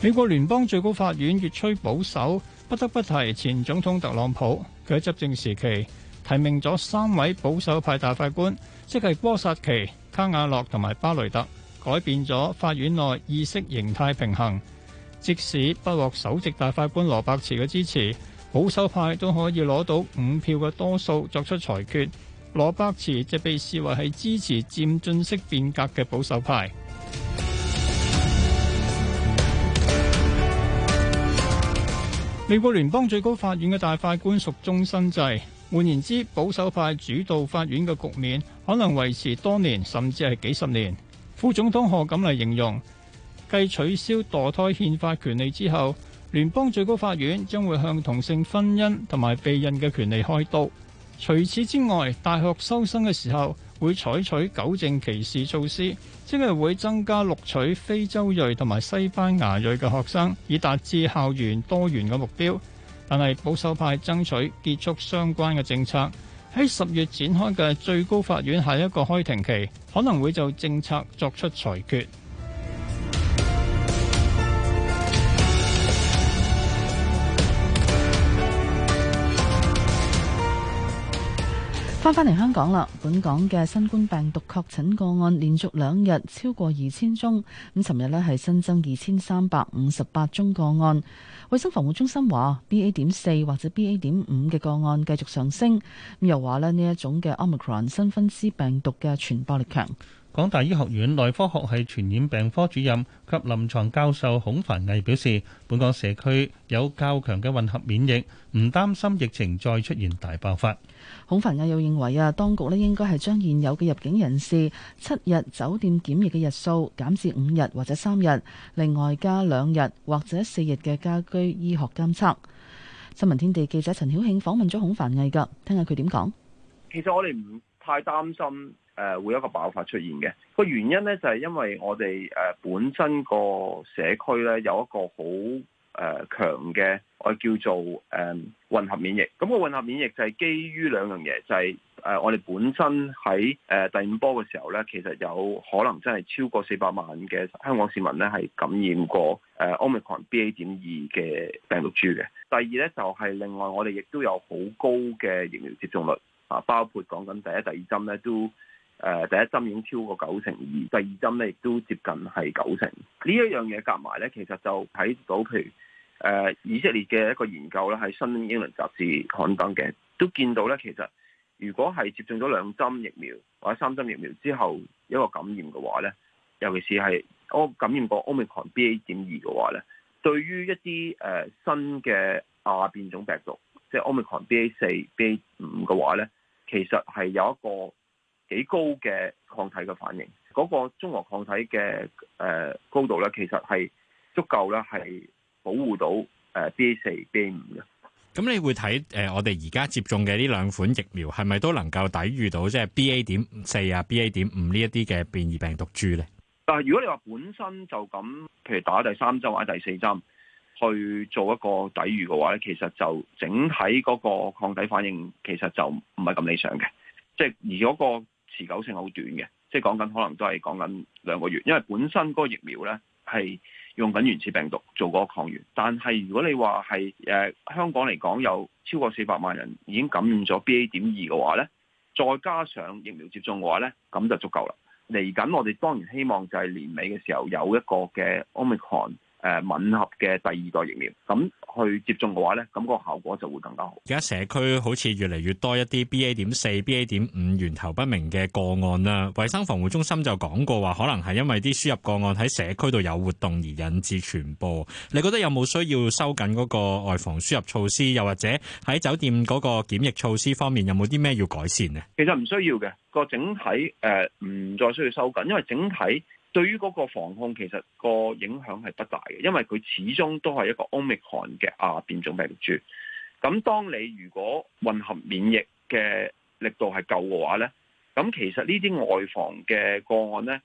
美國聯邦最高法院越趨保守，不得不提前總統特朗普，佢喺執政時期提名咗三位保守派大法官，即係波薩奇、卡瓦諾同埋巴雷特。改變咗法院內意識形態平衡，即使不獲首席大法官羅伯茨嘅支持，保守派都可以攞到五票嘅多數作出裁決。羅伯茨就被視為係支持漸進式變革嘅保守派。 *music* 美國聯邦最高法院嘅大法官屬終身制，換言之，保守派主導法院嘅局面可能維持多年，甚至係幾十年。副總統賀錦麗形容，繼取消墮胎憲法權利之後，聯邦最高法院將會向同性婚姻同埋避孕嘅權利開刀。除此之外，大學收生嘅時候會採取糾正歧視措施，即係會增加錄取非洲裔同埋西班牙裔嘅學生，以達至校園多元嘅目標。但係保守派爭取結束相關嘅政策。喺十月展開嘅最高法院下一個開庭期，可能會就政策作出裁決。翻返嚟香港啦，本港嘅新冠病毒確診個案連續兩日超過二千宗，咁尋日呢係新增二千三百五十八宗個案。衞生防護中心話，BA. 點四或者 BA. 點五嘅個案繼續上升，咁又話咧，呢一種嘅 Omicron 新分支病毒嘅傳播力強。港大醫學院內科學系傳染病科主任及臨床教授孔凡毅表示，本港社區有較強嘅混合免疫，唔擔心疫情再出現大爆發。孔凡毅又認為啊，當局呢應該係將現有嘅入境人士七日酒店檢疫嘅日數減至五日或者三日，另外加兩日或者四日嘅家居醫學監測。新聞天地記者陳曉慶訪問咗孔凡毅噶，聽下佢點講。其實我哋唔太擔心。誒會有一個爆發出現嘅個原因咧，就係、是、因為我哋誒本身個社區咧有一個好誒強嘅我叫做誒、嗯、混合免疫。咁、嗯、個混合免疫就係基於兩樣嘢，就係、是、誒我哋本身喺誒第五波嘅時候咧，其實有可能真係超過四百萬嘅香港市民咧係感染過 Omicron BA. 點二嘅病毒株嘅。第二咧就係、是、另外我哋亦都有好高嘅疫苗接種率啊，包括講緊第一、第二針咧都。誒第一針已經超過九成二，而第二針咧亦都接近係九成。呢一樣嘢夾埋咧，其實就睇到譬如誒、呃、以色列嘅一個研究啦，喺《新英倫雜誌》刊登嘅，都見到咧，其實如果係接種咗兩針疫苗或者三針疫苗之後一個感染嘅話咧，尤其是係歐感染過 Omicron BA 點二嘅話咧，對於一啲誒、呃、新嘅亞變種病毒，即係 Omicron BA 四、BA 五嘅話咧，其實係有一個幾高嘅抗體嘅反應，嗰、那個中和抗體嘅誒高度咧，其實係足夠咧，係保護到誒 BA 四 BA 五嘅。咁你會睇誒、呃、我哋而家接種嘅呢兩款疫苗係咪都能夠抵禦到即係 BA 點四啊、BA 點五呢一啲嘅變異病毒株咧？但係如果你話本身就咁，譬如打第三針或者第四針去做一個抵禦嘅話咧，其實就整體嗰個抗體反應其實就唔係咁理想嘅，即係而嗰、那個。持久性好短嘅，即係講緊可能都係講緊兩個月，因為本身嗰個疫苗呢係用緊原始病毒做嗰個抗原，但係如果你話係誒香港嚟講有超過四百萬人已經感染咗 BA. 點二嘅話呢，再加上疫苗接種嘅話呢，咁就足夠啦。嚟緊我哋當然希望就係年尾嘅時候有一個嘅 Omicron。誒吻合嘅第二代疫苗，咁去接種嘅話咧，咁個效果就會更加好。而家社區好似越嚟越多一啲 BA. 點四、BA. 點五源頭不明嘅個案啦。衞生防護中心就講過話，可能係因為啲輸入個案喺社區度有活動而引致傳播。你覺得有冇需要收緊嗰個外防輸入措施，又或者喺酒店嗰個檢疫措施方面，有冇啲咩要改善咧？其實唔需要嘅，個整體誒唔再需要收緊，因為整體。對於嗰個防控，其實個影響係不大嘅，因為佢始終都係一個奧密克戎嘅啊變種病毒株。咁當你如果混合免疫嘅力度係夠嘅話呢，咁其實呢啲外防嘅個案呢，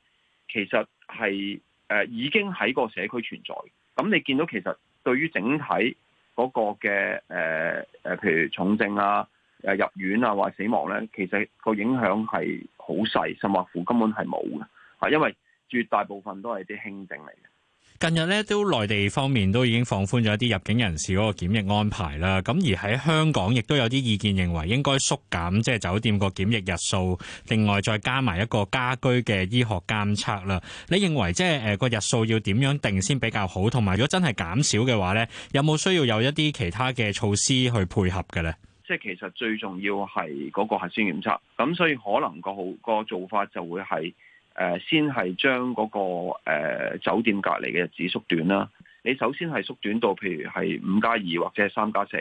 其實係誒、呃、已經喺個社區存在。咁你見到其實對於整體嗰個嘅誒誒，譬如重症啊、誒入院啊或死亡呢，其實個影響係好細，甚或乎根本係冇嘅啊，因為。絕大部分都係啲輕症嚟嘅。近日咧都內地方面都已經放寬咗一啲入境人士嗰個檢疫安排啦。咁而喺香港亦都有啲意見認為應該縮減即係、就是、酒店個檢疫日數，另外再加埋一個家居嘅醫學監測啦。你認為即係誒個日數要點樣定先比較好？同埋如果真係減少嘅話咧，有冇需要有一啲其他嘅措施去配合嘅咧？即係其實最重要係嗰個核酸檢測，咁所以可能、嗰個好、嗰個做法就會係。誒，先係將嗰、那個、呃、酒店隔離嘅日子縮短啦。你首先係縮短到，譬如係五加二或者三加四。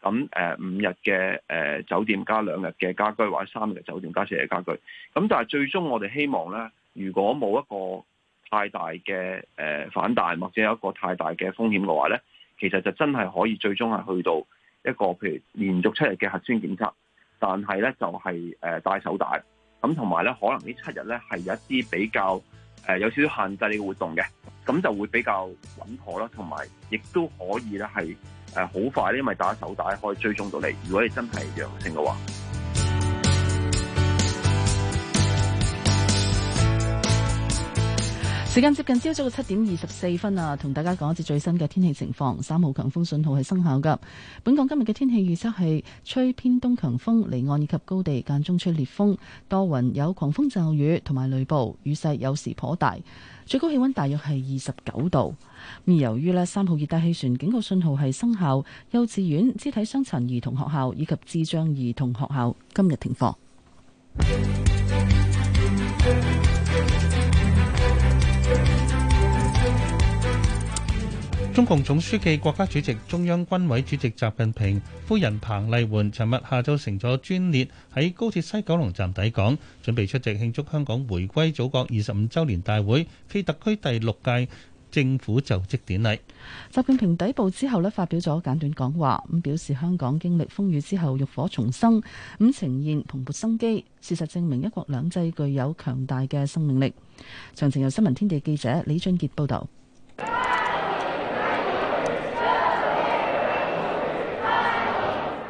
咁誒五日嘅誒、呃、酒店加兩日嘅家居，或者三日嘅酒店加四日嘅家居。咁但係最終我哋希望呢，如果冇一個太大嘅誒反彈，或者有一個太大嘅、呃、風險嘅話呢，其實就真係可以最終係去到一個譬如連續七日嘅核酸檢測，但係呢，就係誒戴手帶。咁同埋咧，可能呢七日咧係有一啲比較誒、呃、有少少限制你嘅活動嘅，咁就會比較穩妥啦。同埋亦都可以咧係誒好快，因為打手帶可以追蹤到你。如果你真係陽性嘅話。時間接近朝早嘅七點二十四分啊，同大家講一次最新嘅天氣情況。三號強風信號係生效噶。本港今日嘅天氣預測係吹偏東強風，離岸以及高地間中吹烈風，多雲有狂風驟雨同埋雷暴，雨勢有時頗大。最高氣温大約係二十九度。由於呢三號熱帶氣旋警告信號係生效，幼稚園、肢體傷殘兒童學校以及智障兒童學校今日停課。 *music* 中共總書記、國家主席、中央軍委主席習近平夫人彭麗媛，尋日下晝乘咗專列喺高鐵西九龍站抵港，準備出席慶祝香港回歸祖國二十五週年大會暨特區第六屆政府就職典禮。習近平抵步之後咧，發表咗簡短講話，咁表示香港經歷風雨之後浴火重生，咁、呃、呈現蓬勃生機。事實證明，一國兩制具有強大嘅生命力。詳情由新聞天地記者李俊傑報道。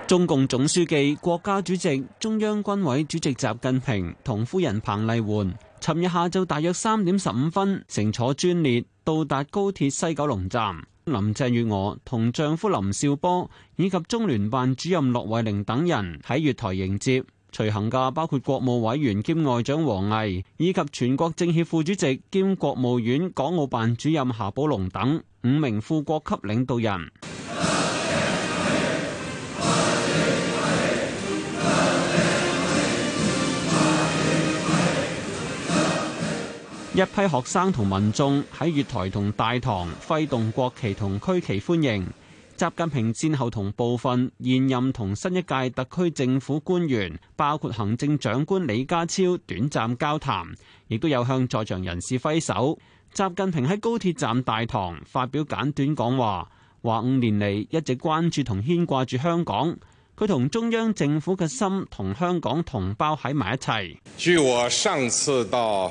中共總書記、國家主席、中央軍委主席習近平同夫人彭麗媛，尋日下晝大約三點十五分，乘坐專列到達高鐵西九龍站。林鄭月娥同丈夫林兆波以及中聯辦主任駱惠寧等人喺月台迎接。隨行嘅包括國務委員兼外長王毅以及全國政協副主席兼國務院港澳辦主任夏寶龍等五名副國級領導人。一批學生同民眾喺月台同大堂揮動國旗同區旗歡迎。習近平先後同部分現任同新一屆特區政府官員，包括行政長官李家超，短暫交談，亦都有向在場人士揮手。習近平喺高鐵站大堂發表簡短講話，話五年嚟一直關注同牽掛住香港，佢同中央政府嘅心同香港同胞喺埋一齊。據我上次到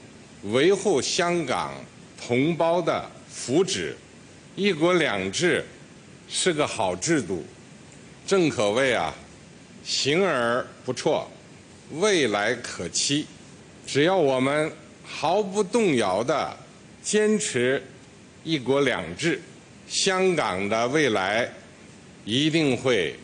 維護香港同胞的福祉，一國兩制是個好制度，正可謂啊，行而不輟，未來可期。只要我們毫不動搖地堅持一國兩制，香港的未來一定會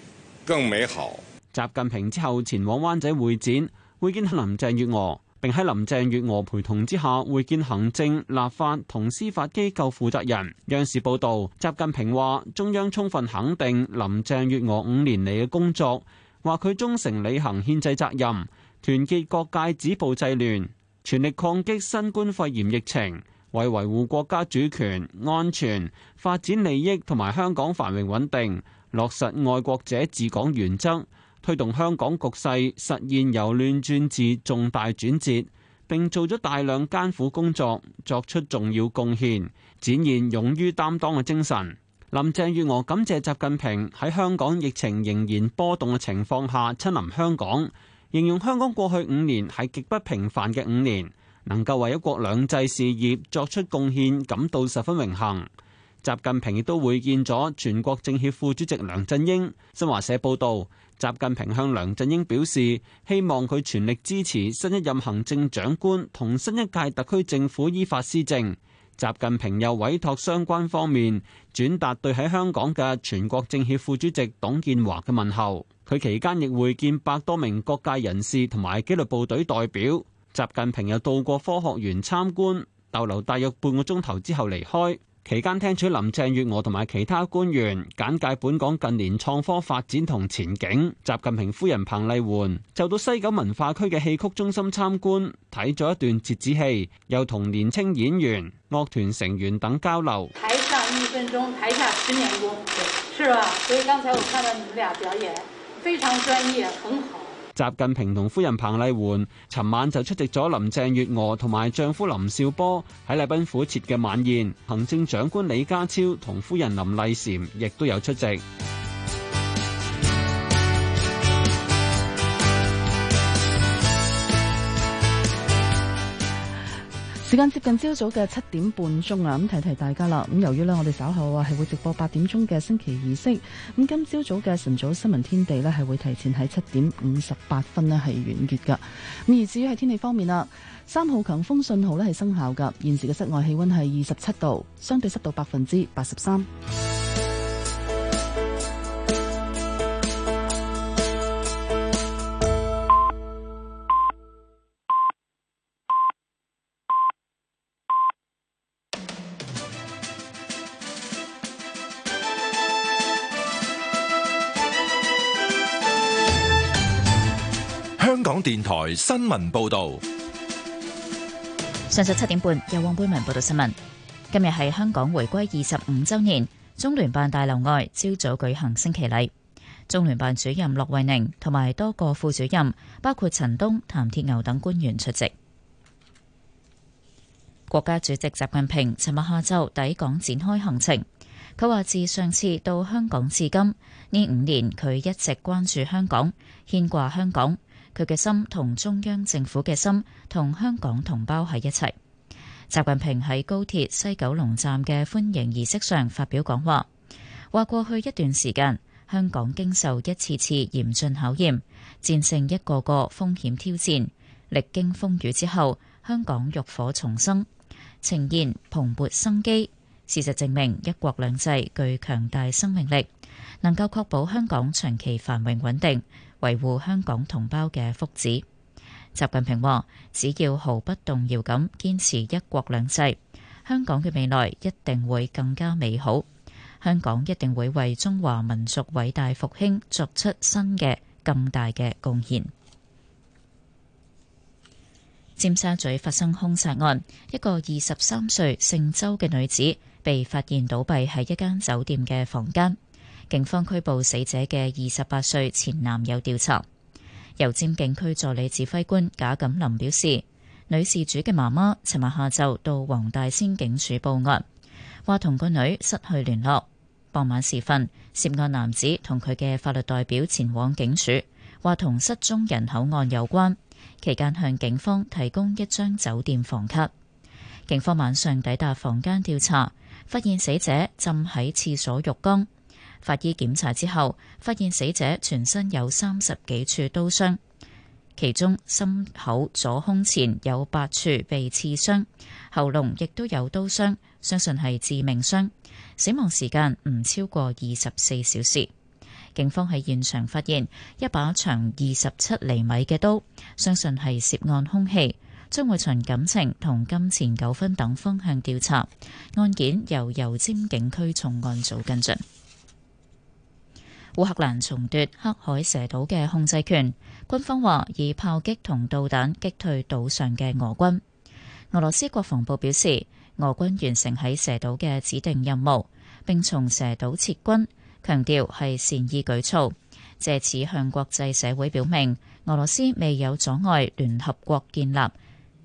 更美好。習近平之後前往灣仔會展，會見林鄭月娥。喺林鄭月娥陪同之下，會見行政、立法同司法機構負責人。央視報道，習近平話：中央充分肯定林鄭月娥五年嚟嘅工作，話佢忠誠履行憲制責任，團結各界止暴制亂，全力抗擊新冠肺炎疫情，為維護國家主權、安全、發展利益同埋香港繁榮穩定，落實愛國者治港原則。推動香港局勢實現由亂轉治重大轉折，並做咗大量艱苦工作，作出重要貢獻，展現勇於擔當嘅精神。林鄭月娥感謝習近平喺香港疫情仍然波動嘅情況下親臨香港，形容香港過去五年係極不平凡嘅五年，能夠為一國兩制事業作出貢獻，感到十分榮幸。習近平亦都會見咗全國政協副主席梁振英。新華社報道。習近平向梁振英表示希望佢全力支持新一任行政長官同新一屆特區政府依法施政。習近平又委託相關方面轉達對喺香港嘅全國政協副主席董建華嘅問候。佢期間亦會見百多名各界人士同埋紀律部隊代表。習近平又到過科學園參觀，逗留大約半個鐘頭之後離開。期間聽取林鄭月娥同埋其他官員簡介本港近年創科發展同前景。習近平夫人彭麗媛就到西九文化區嘅戲曲中心參觀，睇咗一段折子戲，又同年青演員、樂團成員等交流。台上一分鐘，台下十年功，是啊，所以剛才我看到你們倆表演非常專業，很好。習近平同夫人彭麗媛尋晚就出席咗林鄭月娥同埋丈夫林兆波喺禮賓府設嘅晚宴，行政長官李家超同夫人林麗嬋亦都有出席。時間接近朝早嘅七點半鐘啊，咁提提大家啦。咁由於咧，我哋稍後啊係會直播八點鐘嘅升旗儀式。咁今朝早嘅晨早新聞天地咧係會提前喺七點五十八分咧係完結噶。咁而至於喺天氣方面啦，三號強風信號咧係生效噶。現時嘅室外氣溫係二十七度，相對濕度百分之八十三。電台新聞報道，上晝七點半有汪佩文，文報道新聞。今日係香港回歸二十五周年，中聯辦大樓外朝早舉行升旗禮。中聯辦主任駱惠寧同埋多個副主任，包括陳東、譚鐵牛等官員出席。國家主席習近平尋日下晝抵港展開行程。佢話：自上次到香港至今呢五年，佢一直關注香港，牽掛香港。佢嘅心同中央政府嘅心同香港同胞喺一齊。習近平喺高鐵西九龍站嘅歡迎儀式上發表講話，話過去一段時間，香港經受一次次嚴峻考驗，戰勝一個個風險挑戰，歷經風雨之後，香港浴火重生，呈現蓬勃生機。事實證明，一國兩制具強大生命力，能夠確保香港長期繁榮穩定。維護香港同胞嘅福祉。習近平話：只要毫不動搖咁堅持一國兩制，香港嘅未來一定會更加美好。香港一定會為中華民族偉大復興作出新嘅更大嘅貢獻。尖沙咀發生凶殺案，一個二十三歲姓周嘅女子被發現倒斃喺一間酒店嘅房間。警方拘捕死者嘅二十八歲前男友。調查油尖警區助理指揮官賈錦林表示，女事主嘅媽媽尋日下晝到黃大仙警署報案，話同個女失去聯絡。傍晚時分，涉案男子同佢嘅法律代表前往警署，話同失蹤人口案有關。期間向警方提供一張酒店房卡，警方晚上抵達房間調查，發現死者浸喺廁所浴缸。法醫檢查之後，發現死者全身有三十幾處刀傷，其中心口、左胸前有八處被刺傷，喉嚨亦都有刀傷，相信係致命傷。死亡時間唔超過二十四小時。警方喺現場發現一把長二十七厘米嘅刀，相信係涉案凶器。將會循感情同金錢糾紛等方向調查。案件由油尖警區重案組跟進。烏克蘭重奪黑海蛇島嘅控制權，軍方話以炮擊同導彈擊退島上嘅俄軍。俄羅斯國防部表示，俄軍完成喺蛇島嘅指定任務，並從蛇島撤軍，強調係善意舉措，借此向國際社會表明俄羅斯未有阻礙聯合國建立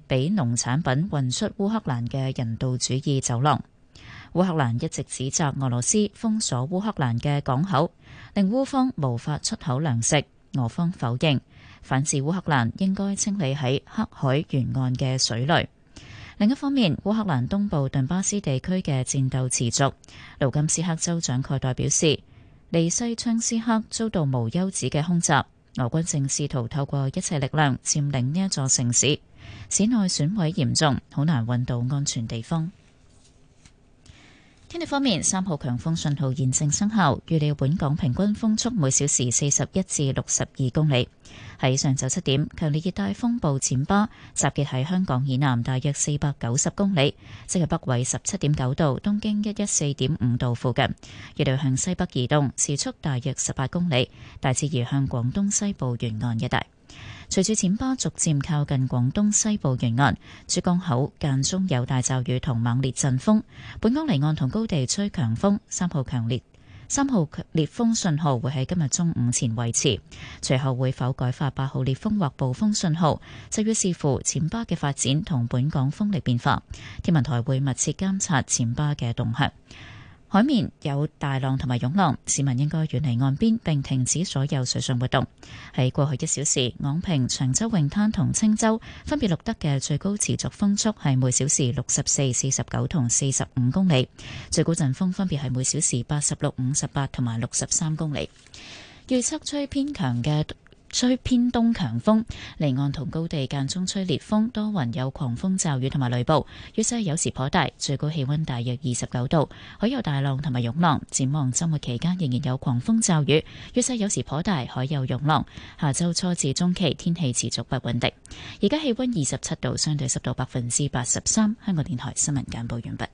俾農產品運出烏克蘭嘅人道主義走廊。烏克蘭一直指責俄羅斯封鎖烏克蘭嘅港口，令烏方無法出口糧食。俄方否認，反指烏克蘭應該清理喺黑海沿岸嘅水雷。另一方面，烏克蘭東部頓巴斯地區嘅戰鬥持續。盧甘斯克州長蓋代表示，利西昌斯克遭到無休止嘅空襲，俄軍正試圖透過一切力量佔領呢一座城市，市內損毀嚴重，好難揾到安全地方。天氣方面，三號強風信號現正生效，預料本港平均風速每小時四十一至六十二公里。喺上晝七點，強烈熱帶風暴淺巴集結喺香港以南大約四百九十公里，即係北緯十七點九度、東經一一四點五度附近，預料向西北移動，時速大約十八公里，大致移向廣東西部沿岸一帶。隨住淺巴逐漸靠近廣東西部沿岸，珠江口間中有大驟雨同猛烈陣風，本港離岸同高地吹強風，三號強烈三號烈風信號會喺今日中午前維持，隨後會否改發八號烈風或暴風信號，就要視乎淺巴嘅發展同本港風力變化。天文台會密切監察淺巴嘅動向。海面有大浪同埋湧浪，市民應該遠離岸邊並停止所有水上活動。喺過去一小時，昂坪、長洲泳灘同青洲分別錄得嘅最高持續風速係每小時六十四、四十九同四十五公里，最高陣風分別係每小時八十六、五十八同埋六十三公里。預測吹偏強嘅。吹偏東強風，離岸同高地間中吹烈風，多雲有狂風驟雨同埋雷暴，雨勢有時頗大，最高氣溫大約二十九度，海有大浪同埋湧浪。展望周末期間仍然有狂風驟雨，雨勢有時頗大，海有湧浪。下周初至中期天氣持續不穩定。而家氣溫二十七度，相對濕度百分之八十三。香港電台新聞簡報完畢。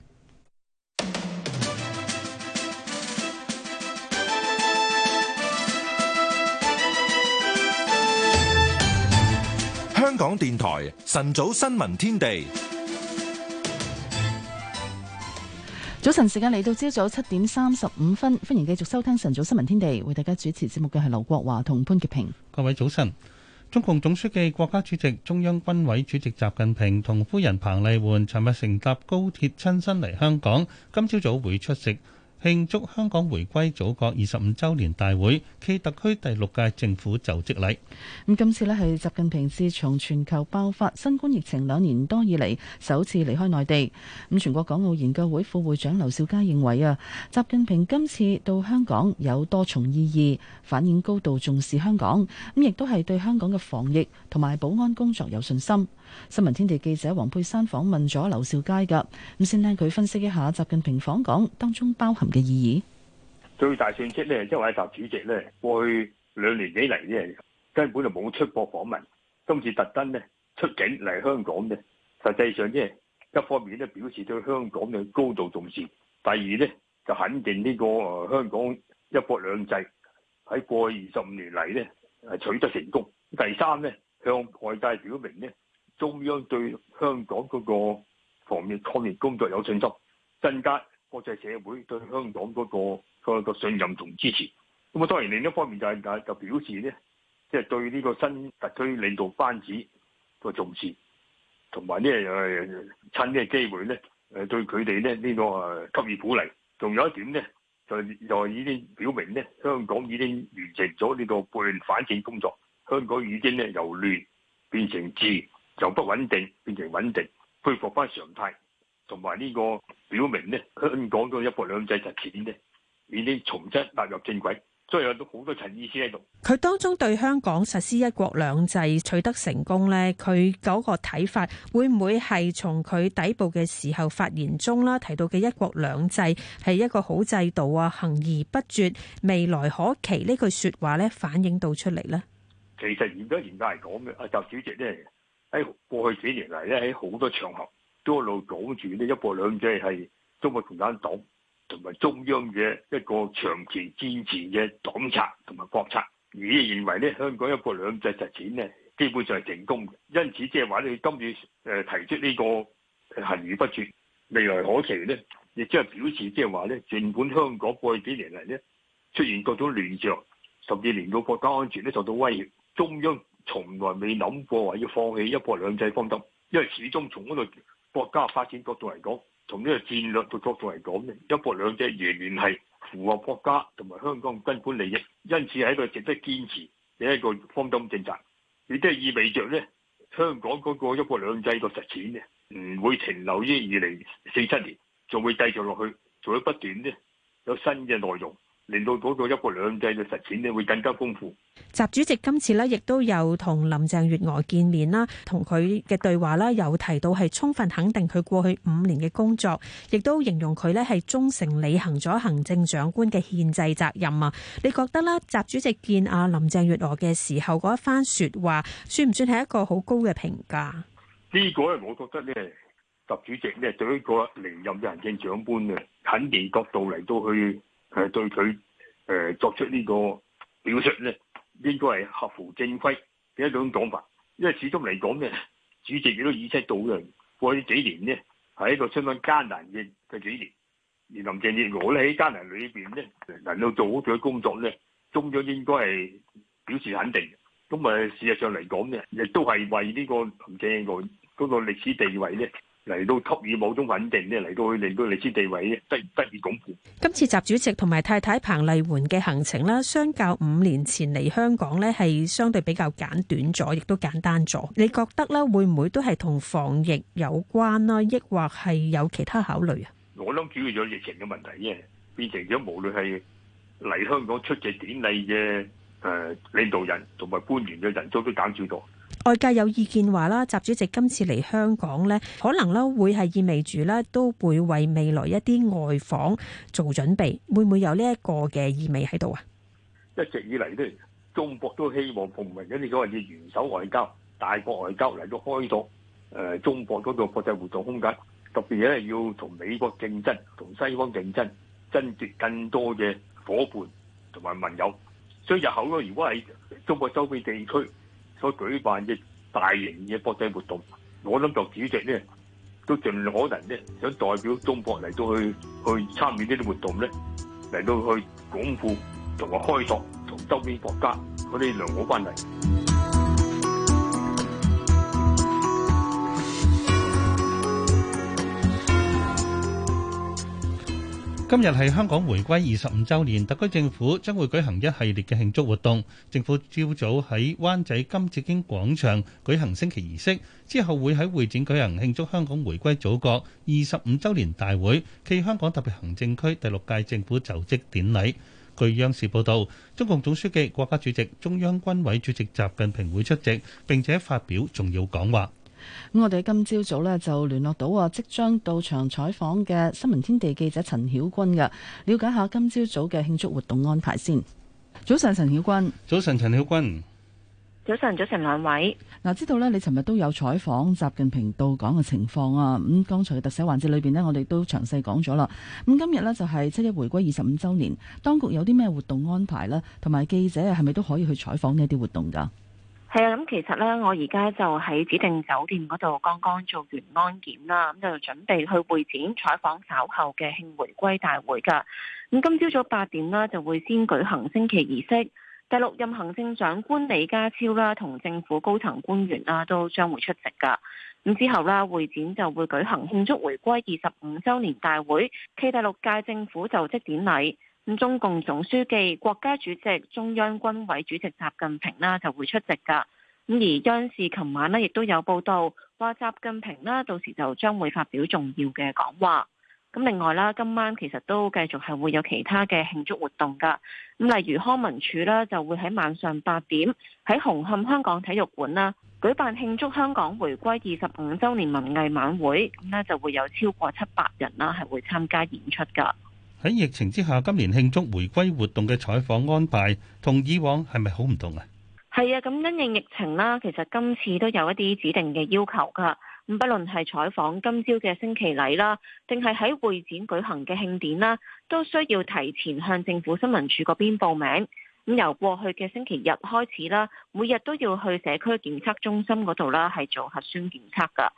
香港電台晨早新聞天地，早晨時間嚟到，朝早七點三十五分，歡迎繼續收聽晨早新聞天地，為大家主持節目嘅係劉國華同潘潔平。各位早晨，中共中央總書記、國家主席、中央軍委主席習近平同夫人彭麗媛尋日乘搭高鐵親身嚟香港，今朝早會出席。慶祝香港回歸祖國二十五周年大會暨特區第六屆政府就職禮。咁今次咧係習近平自從全球爆發新冠疫情兩年多以嚟，首次離開內地。咁全國港澳研究會副會長劉兆佳認為啊，習近平今次到香港有多重意義，反映高度重視香港，咁亦都係對香港嘅防疫同埋保安工作有信心。新聞天地記者黃佩珊訪問咗劉兆佳嘅，咁，先聽佢分析一下習近平訪港當中包含嘅意義。最大轉折呢，即係話習主席呢過去兩年幾嚟，呢，根本就冇出國訪問，今次特登呢出境嚟香港咧，實際上即係一方面呢表示對香港嘅高度重視，第二呢就肯定呢個香港一國兩制喺過去二十五年嚟呢係取得成功，第三呢，向外界表明呢，中央對香港嗰個防疫抗疫工作有信心，增加國際社會對香港嗰個信任同支持。咁啊，當然另一方面就係就表示呢，即係對呢個新特區領導班子個重視，同埋呢誒趁呢個機會呢誒對佢哋呢呢個誒給予鼓勵。仲有一點呢，就就已經表明呢，香港已經完成咗呢個撥亂反正工作，香港已經呢由亂變成治。就不穩定變成穩定，恢復翻常態，同埋呢個表明咧，香港嘅一國兩制實踐咧，已經重新踏入正軌，所以有好多層意思喺度。佢當中對香港實施一國兩制取得成功呢，佢嗰個睇法會唔會係從佢底部嘅時候發言中啦，提到嘅一國兩制係一個好制度啊，行而不絕，未來可期呢句説話咧，反映到出嚟呢？其實嚴格研究嚟講嘅，阿習主席咧。喺過去幾年嚟咧，喺好多場合都一路講住咧，一國兩制係中國共產黨同埋中央嘅一個長期堅持嘅黨策同埋國策。而認為咧，香港一國兩制實踐咧，基本上係成功嘅。因此，即係話你今次誒提出呢個行而不絕、未來可期咧，亦即係表示即係話咧，儘管香港過去幾年嚟咧出現各種亂象，甚至連個國家安全咧受到威脅，中央，從來未諗過話要放棄一國兩制方針，因為始終從嗰個國家發展角度嚟講，從呢個戰略嘅角度嚟講呢，一國兩制仍然係符合國家同埋香港根本利益，因此喺度值得堅持嘅一個方針政策。亦都係意味着呢，香港嗰個一國兩制個實踐呢，唔會停留於二零四七年，仲會繼續落去，仲會不斷咧有新嘅內容。令到嗰個一國兩制嘅實踐咧，會更加豐富。習主席今次咧，亦都有同林鄭月娥見面啦，同佢嘅對話啦，有提到係充分肯定佢過去五年嘅工作，亦都形容佢咧係忠誠履行咗行政長官嘅憲制責任啊！你覺得咧，習主席見阿林鄭月娥嘅時候嗰一番説話，算唔算係一個好高嘅評價？呢個咧，我覺得咧，習主席咧對一個離任嘅行政長官嘅肯定角度嚟到去。係對佢誒、呃、作出呢個表述咧，應該係合乎正規嘅一種講法。因為始終嚟講咧，主席亦都以身到人，過去幾年咧，係一個相當艱難嘅嘅幾年，而林鄭月娥咧喺艱難裏邊咧，能夠做好佢嘅工作咧，中央應該係表示肯定。咁啊，事實上嚟講咧，亦都係為呢個林鄭月娥嗰個歷史地位咧。嚟到給予某種穩定咧，嚟到去令到歷史地位咧，得得以鞏固。今次習主席同埋太太彭麗媛嘅行程咧，相較五年前嚟香港咧，係相對比較簡短咗，亦都簡單咗。你覺得咧，會唔會都係同防疫有關啦，抑或係有其他考慮啊？我諗主要就疫情嘅問題啫，變成咗無論係嚟香港出席典禮嘅誒領導人同埋官員嘅人數都減少咗。外界有意見話啦，習主席今次嚟香港咧，可能咧會係意味住咧，都會為未來一啲外訪做準備，會唔會有呢一個嘅意味喺度啊？一直以嚟咧，中國都希望奉行一啲所謂嘅元首外交、大國外交嚟到開拓誒中國嗰個國際活動空間，特別咧要同美國競爭、同西方競爭，爭奪更多嘅伙伴同埋盟友。所以日後咯，如果喺中國周邊地區，所舉辦嘅大型嘅國際活動，我諗就主席咧，都盡可能咧，想代表中國嚟到去去參與呢啲活動咧，嚟到去鞏固同埋開拓同周邊國家嗰啲良好關係。今日係香港回歸二十五週年，特區政府將會舉行一系列嘅慶祝活動。政府朝早喺灣仔金紫荊廣場舉行升旗儀式，之後會喺會展舉行慶祝香港回歸祖國二十五週年大會暨香港特別行政區第六屆政府就職典禮。據央視報道，中共總書記、國家主席、中央軍委主席習近平會出席，並且發表重要講話。咁我哋今朝早呢，就聯絡到啊，即將到場採訪嘅新聞天地記者陳曉君嘅，了解下今朝早嘅慶祝活動安排先。早晨陳曉君，早晨陳曉君，早晨早晨兩位。嗱，知道呢，你尋日都有採訪習近平到港嘅情況啊。咁剛才嘅特寫環節裏邊呢，我哋都詳細講咗啦。咁今日呢，就係七一回歸二十五週年，當局有啲咩活動安排呢？同埋記者係咪都可以去採訪呢啲活動噶？係啊，咁其實咧，我而家就喺指定酒店嗰度剛剛做完安檢啦，咁就準備去會展採訪稍後嘅慶回歸大會噶。咁今朝早八點啦，就會先舉行升旗儀式，第六任行政長官李家超啦，同政府高層官員啦都將會出席噶。咁之後啦，會展就會舉行慶祝回歸二十五週年大會暨第六屆政府就職典禮。中共總書記、國家主席、中央軍委主席習近平啦，就會出席噶。咁而央視琴晚呢，亦都有報道話，習近平啦，到時就將會發表重要嘅講話。咁另外啦，今晚其實都繼續係會有其他嘅慶祝活動噶。咁例如康文署啦，就會喺晚上八點喺紅磡香港體育館啦，舉辦慶祝香港回歸二十五周年文藝晚會。咁呢，就會有超過七百人啦，係會參加演出噶。喺疫情之下，今年慶祝回歸活動嘅採訪安排同以往係咪好唔同啊？係啊，咁因應疫情啦，其實今次都有一啲指定嘅要求噶。咁，不論係採訪今朝嘅升旗禮啦，定係喺會展舉行嘅慶典啦，都需要提前向政府新聞處嗰邊報名。咁由過去嘅星期日開始啦，每日都要去社區檢測中心嗰度啦，係做核酸檢測噶。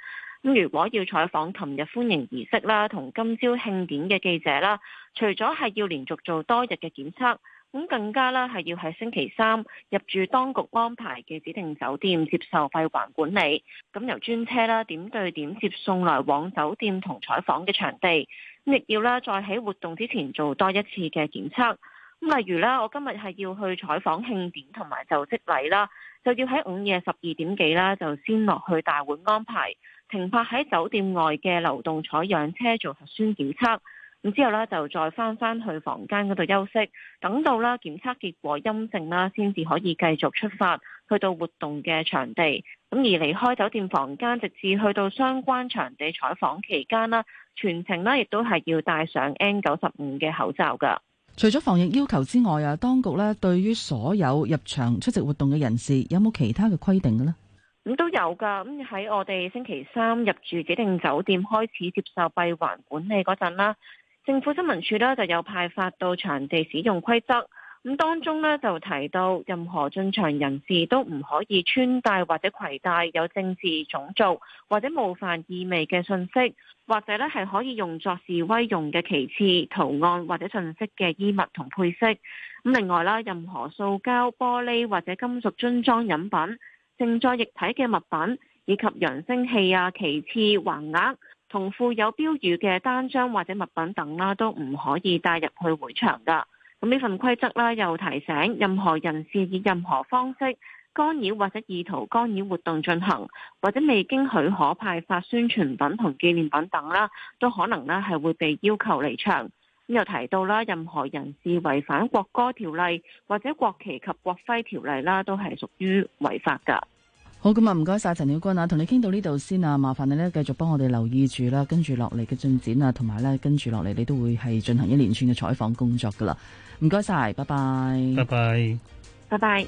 咁如果要採訪，琴日歡迎儀式啦，同今朝慶典嘅記者啦，除咗係要連續做多日嘅檢測，咁更加啦係要喺星期三入住當局安排嘅指定酒店接受閉環管理，咁由專車啦點對點接送來往酒店同採訪嘅場地，亦要啦再喺活動之前做多一次嘅檢測。例如啦，我今日係要去採訪慶典同埋就職禮啦，就要喺午夜十二點幾啦就先落去大會安排停泊喺酒店外嘅流動採樣車做核酸檢測，咁之後呢就再翻翻去房間嗰度休息，等到啦檢測結果陰性啦，先至可以繼續出發去到活動嘅場地。咁而離開酒店房間，直至去到相關場地採訪期間啦，全程呢亦都係要戴上 N 九十五嘅口罩噶。除咗防疫要求之外啊，當局呢對於所有入場出席活動嘅人士，有冇其他嘅規定呢？咁都有㗎，咁喺我哋星期三入住指定酒店開始接受閉環管理嗰陣啦，政府新聞處呢就有派發到場地使用規則，咁當中呢，就提到任何進場人士都唔可以穿戴或者攜帶有政治、種族或者冒犯意味嘅信息，或者呢係可以用作示威用嘅旗幟圖案或者信息嘅衣物同配飾。咁另外啦，任何塑膠、玻璃或者金屬樽裝飲品，盛載液體嘅物品以及揚聲器啊、旗幟橫額同附有標語嘅單張或者物品等啦，都唔可以帶入去會場噶。咁呢份規則啦，又提醒任何人士以任何方式干擾或者意圖干擾活動進行，或者未經許可派發宣傳品同紀念品等啦，都可能咧係會被要求離場。又提到啦，任何人士違反國歌條例或者國旗及國徽條例啦，都係屬於違法噶。好咁啊，唔該晒陳曉君啊，同你傾到呢度先啊，麻煩你呢繼續幫我哋留意住啦，跟住落嚟嘅進展啊，同埋呢跟住落嚟你都會係進行一連串嘅採訪工作噶啦。唔該晒，拜拜，拜拜，拜拜。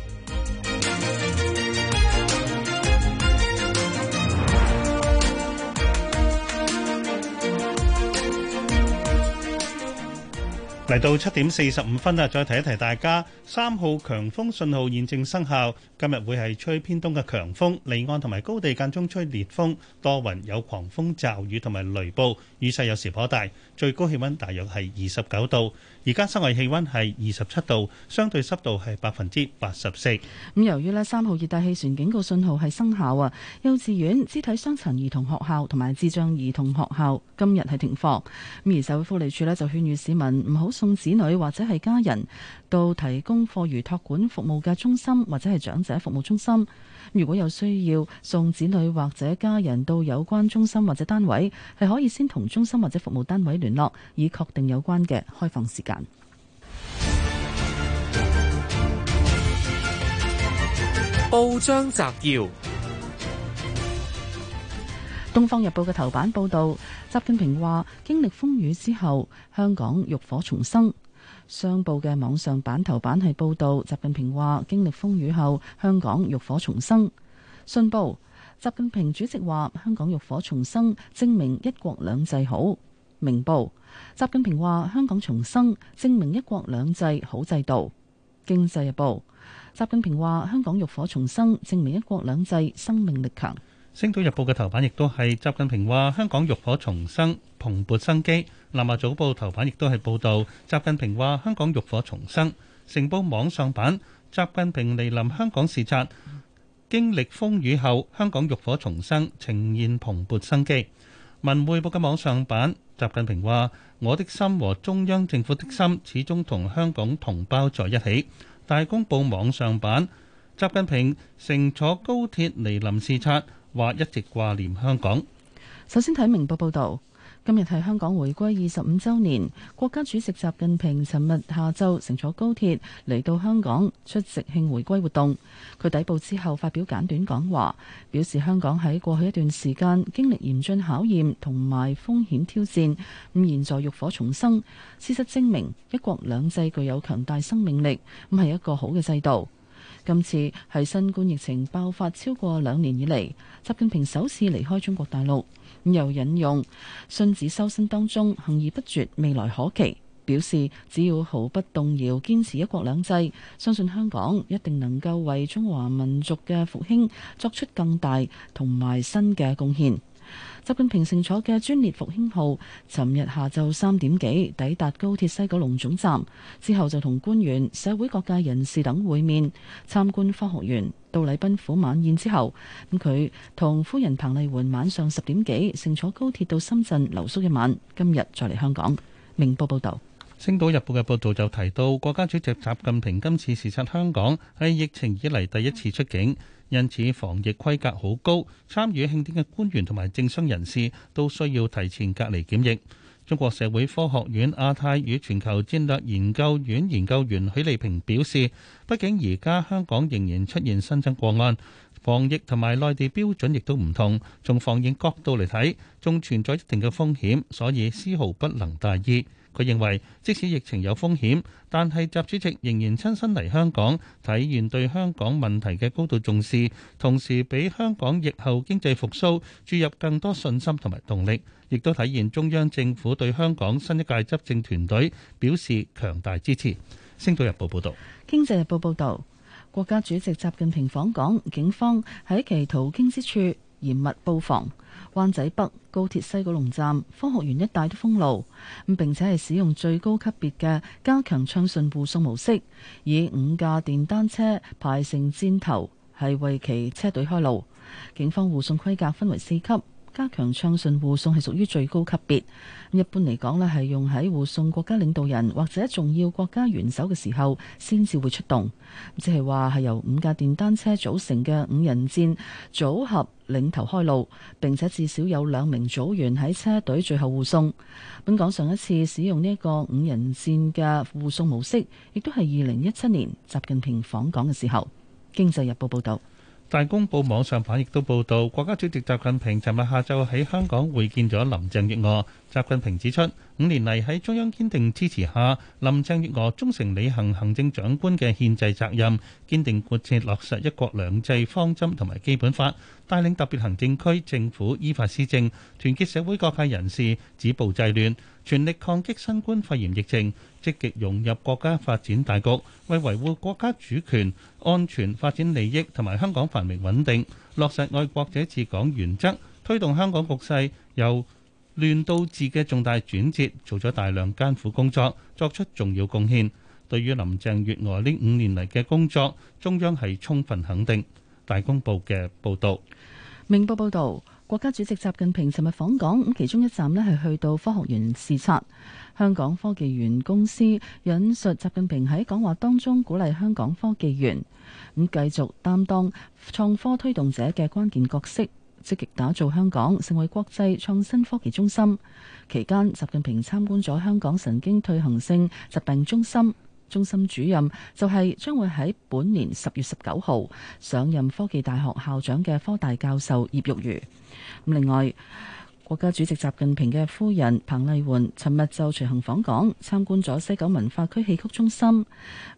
嚟到七點四十五分啦，再提一提大家，三號強風信號現正生效。今日會係吹偏東嘅強風，離岸同埋高地間中吹烈風，多雲有狂風驟雨同埋雷暴，雨勢有時頗大。最高氣溫大約係二十九度，而家室外氣溫係二十七度，相對濕度係百分之八十四。咁由於咧三號熱帶氣旋警告信號係生效啊，幼稚園、肢體傷殘兒童學校同埋智障兒童學校今日係停課。咁而社會福利署咧就勸喻市民唔好送子女或者係家人到提供課餘託管服務嘅中心或者係長者服務中心。如果有需要送子女或者家人到有關中心或者單位，係可以先同中心或者服務單位聯絡，以確定有關嘅開放時間。報章摘要，《東方日報》嘅頭版報道，習近平話：經歷風雨之後，香港浴火重生。商報嘅網上版頭版係報導，習近平話經歷風雨後，香港浴火重生。信報，習近平主席話香港浴火重生，證明一國兩制好。明報，習近平話香港重生，證明一國兩制好制度。經濟日報，習近平話香港浴火重生，證明一國兩制生命力強。星島日報嘅頭版亦都係習近平話香港浴火重生，蓬勃生機，《南華早報》頭版亦都係報導習近平話香港浴火重生，《成報》網上版習近平嚟臨香港視察，經歷風雨後，香港浴火重生，呈現蓬勃生機，《文匯報》嘅網上版習近平話：我的心和中央政府的心始終同香港同胞在一起，《大公報》網上版習近平乘坐高鐵嚟臨視察，話一直掛念香港。首先睇《明報》報導。今日係香港回歸二十五周年，國家主席習近平尋日下晝乘坐高鐵嚟到香港出席慶回歸活動。佢抵埗之後發表簡短講話，表示香港喺過去一段時間經歷嚴峻考驗同埋風險挑戰，咁現在浴火重生。事實證明，一國兩制具有強大生命力，咁係一個好嘅制度。今次係新冠疫情爆發超過兩年以嚟，習近平首次離開中國大陸。又引用荀子修身當中行而不絕，未來可期，表示只要毫不動搖，堅持一國兩制，相信香港一定能夠為中華民族嘅復興作出更大同埋新嘅貢獻。習近平乘坐嘅專列復興號，尋日下晝三點幾抵達高鐵西九龍總站，之後就同官員、社會各界人士等會面、參觀科學園，到禮賓府晚宴之後，咁佢同夫人彭麗媛晚上十點幾乘坐高鐵到深圳留宿一晚，今日再嚟香港。明報報道。《星島日報》嘅報道就提到，國家主席習近平今次視察香港係疫情以嚟第一次出境，因此防疫規格好高。參與慶典嘅官員同埋政商人士都需要提前隔離檢疫。中國社會科學院亞太與全球戰略研究院研究員許利平表示，畢竟而家香港仍然出現新增個案，防疫同埋內地標準亦都唔同。從防疫角度嚟睇，仲存在一定嘅風險，所以絲毫不能大意。佢認為，即使疫情有風險，但係習主席仍然親身嚟香港，體現對香港問題嘅高度重視，同時俾香港疫後經濟復甦注入更多信心同埋動力，亦都體現中央政府對香港新一屆執政團隊表示強大支持。星島日報報道。經濟日報報道，國家主席習近平訪港，警方喺其途經之處嚴密布防。灣仔北、高鐵西九龍站、科學園一帶都封路，咁並且係使用最高級別嘅加強暢順護送模式，以五架電單車排成箭頭，係為其車隊開路。警方護送規格分為四級。.加強暢順護送係屬於最高級別，一般嚟講咧，係用喺護送國家領導人或者重要國家元首嘅時候先至會出動，即係話係由五架電單車組成嘅五人戰組合領頭開路，並且至少有兩名組員喺車隊最後護送。本港上一次使用呢一個五人戰嘅護送模式，亦都係二零一七年習近平訪港嘅時候。經濟日報報導。大公報網上版亦都報道，國家主席習近平尋日下晝喺香港會見咗林鄭月娥。習近平指出，五年嚟喺中央堅定支持下，林鄭月娥忠誠履行行政長官嘅憲制責任，堅定貫徹落實一國兩制方針同埋基本法，帶領特別行政區政府依法施政，團結社會各界人士止暴制亂，全力抗擊新冠肺炎疫情。積極融入國家發展大局，為維護國家主權、安全、發展利益同埋香港繁榮穩定，落實愛國者治港原則，推動香港局勢由亂到治嘅重大轉折，做咗大量艱苦工作，作出重要貢獻。對於林鄭月娥呢五年嚟嘅工作，中央係充分肯定。大公報嘅報導，明報報導，國家主席習近平尋日訪港，咁其中一站呢係去到科學園視察。香港科技園公司引述習近平喺講話當中鼓勵香港科技園，咁繼續擔當創科推動者嘅關鍵角色，積極打造香港成為國際創新科技中心。期間習近平參觀咗香港神經退行性疾病中心，中心主任就係將會喺本年十月十九號上任科技大學校長嘅科大教授葉玉如。另外。國家主席習近平嘅夫人彭麗媛，尋日就隨行訪港，參觀咗西九文化區戲曲中心。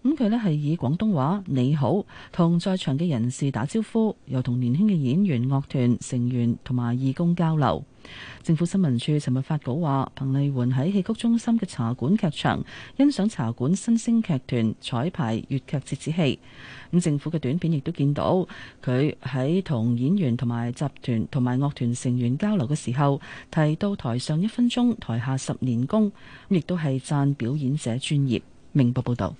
咁佢呢係以廣東話你好，同在場嘅人士打招呼，又同年輕嘅演員、樂團成員同埋義工交流。政府新聞處尋日發稿話，彭麗媛喺戲曲中心嘅茶館劇場欣賞茶館新星劇團彩排粵劇折子戲。咁政府嘅短片亦都見到佢喺同演員同埋集團同埋樂團成員交流嘅時候，提到台上一分鐘，台下十年功，亦都係讚表演者專業。明報報道。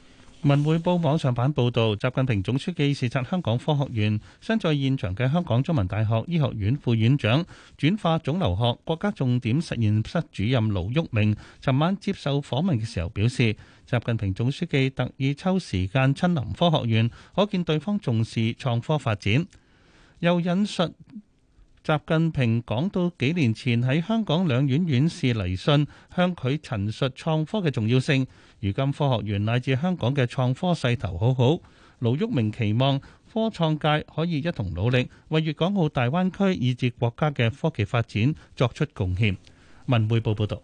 文匯報網上版報道，習近平總書記視察香港科學院，身在現場嘅香港中文大學醫學院副院長、轉化腫瘤學國家重點實驗室主任盧煜明，尋晚接受訪問嘅時候表示，習近平總書記特意抽時間親臨科學院，可見對方重視創科發展。又引述。習近平講到幾年前喺香港兩院院士嚟信，向佢陳述創科嘅重要性。如今科學園乃至香港嘅創科勢頭好好。盧煜明期望科創界可以一同努力，為粵港澳大灣區以至國家嘅科技發展作出貢獻。文匯報報道，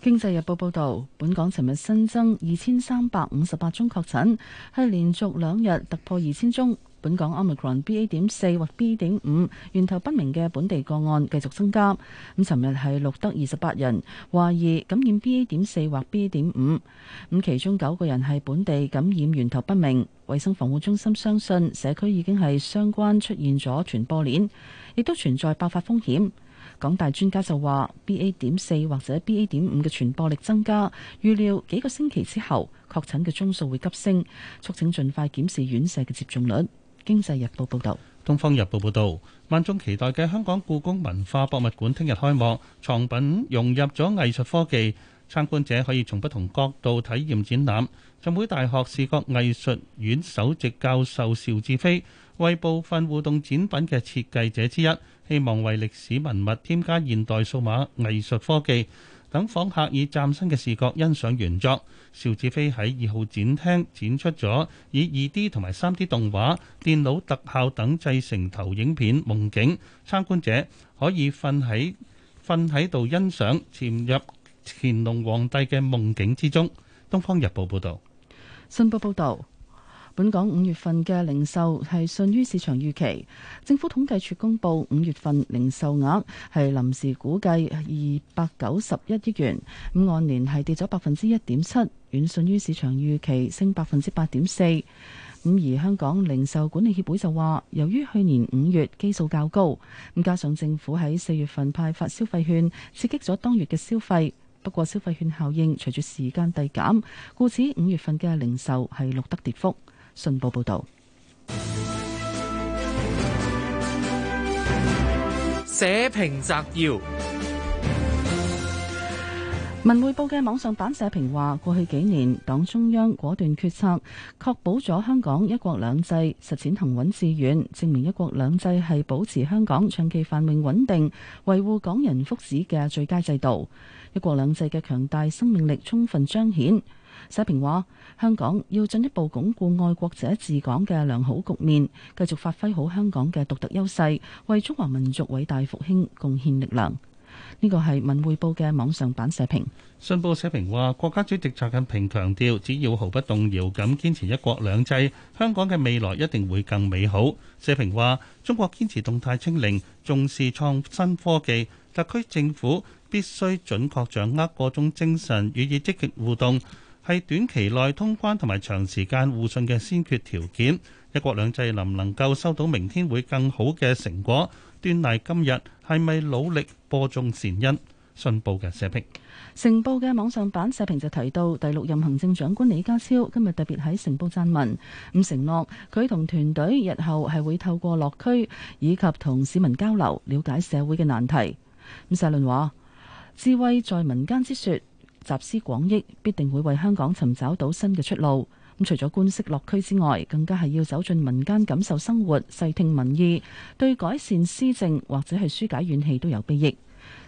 《經濟日報》報道，本港尋日新增二千三百五十八宗確診，係連續兩日突破二千宗。本港 Omicron B A. 點四或 B A. 點五源頭不明嘅本地個案繼續增加，咁尋日係錄得二十八人懷疑感染 B A. 點四或 B A. 點五，咁其中九個人係本地感染源頭不明。衛生防護中心相信社區已經係相關出現咗傳播鏈，亦都存在爆發風險。港大專家就話 B A. 點四或者 B A. 點五嘅傳播力增加，預料幾個星期之後確診嘅宗數會急升，促請盡快檢視院舍嘅接種率。經濟日報報道，東方日報報道，萬眾期待嘅香港故宮文化博物館聽日開幕，藏品融入咗藝術科技，參觀者可以從不同角度體驗展覽。浸會大學視覺藝術院首席教授邵志飛為部分互動展品嘅設計者之一，希望為歷史文物添加現代數碼藝術科技。等訪客以嶄新嘅視覺欣賞原作。邵志飛喺二號展廳展出咗以二 D 同埋三 D 動畫、電腦特效等製成投影片夢境，參觀者可以瞓喺瞓喺度欣賞潛入乾隆皇帝嘅夢境之中。《東方日報》報道。新報報導。本港五月份嘅零售係遜於市場預期，政府統計處公布五月份零售額係臨時估計二百九十一億元，咁按年係跌咗百分之一點七，遠遜於市場預期升百分之八點四。咁而香港零售管理協會就話，由於去年五月基數較高，咁加上政府喺四月份派發消費券刺激咗當月嘅消費，不過消費券效應隨住時間遞減，故此五月份嘅零售係錄得跌幅。信報報道，社評摘要：文匯報嘅網上版社評話，過去幾年，黨中央果斷決策，確保咗香港一國兩制實踐行穩致遠，證明一國兩制係保持香港長期繁榮穩定、維護港人福祉嘅最佳制度。一國兩制嘅強大生命力充分彰顯。社評話：香港要進一步鞏固愛國者治港嘅良好局面，繼續發揮好香港嘅獨特優勢，為中華民族偉大復興貢獻力量。呢個係文匯報嘅網上版社評。信報社評話：國家主席習近平強調，只要毫不動搖咁堅持一國兩制，香港嘅未來一定會更美好。社評話：中國堅持動態清零，重視創新科技，特區政府必須準確掌握各種精神，予以積極互動。係短期內通關同埋長時間互信嘅先決條件。一國兩制能唔能夠收到明天會更好嘅成果？端賴今日係咪努力播種善因？信報嘅社評，城報嘅網上版社評就提到，第六任行政長官李家超今日特別喺城報撰文，咁承諾佢同團隊日後係會透過落區以及同市民交流，了解社會嘅難題。咁社論話：智慧在民間之説。集思廣益必定會為香港尋找到新嘅出路。咁、嗯、除咗官式落區之外，更加係要走進民間感受生活，細聽民意，對改善施政或者係紓解怨氣都有裨益。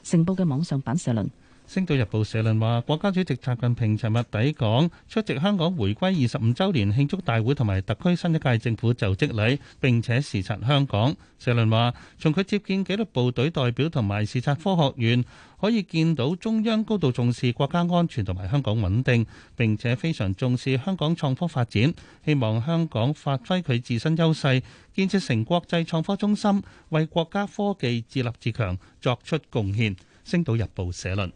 成報嘅網上版社論。《星島日報》社論話：國家主席習近平昨日抵港出席香港回歸二十五週年慶祝大會同埋特區新一屆政府就職禮，並且視察香港。社論話：從佢接見紀律部隊代表同埋視察科學院，可以見到中央高度重視國家安全同埋香港穩定，並且非常重視香港創科發展，希望香港發揮佢自身優勢，建設成國際創科中心，為國家科技自立自強作出貢獻。《星島日報》社論。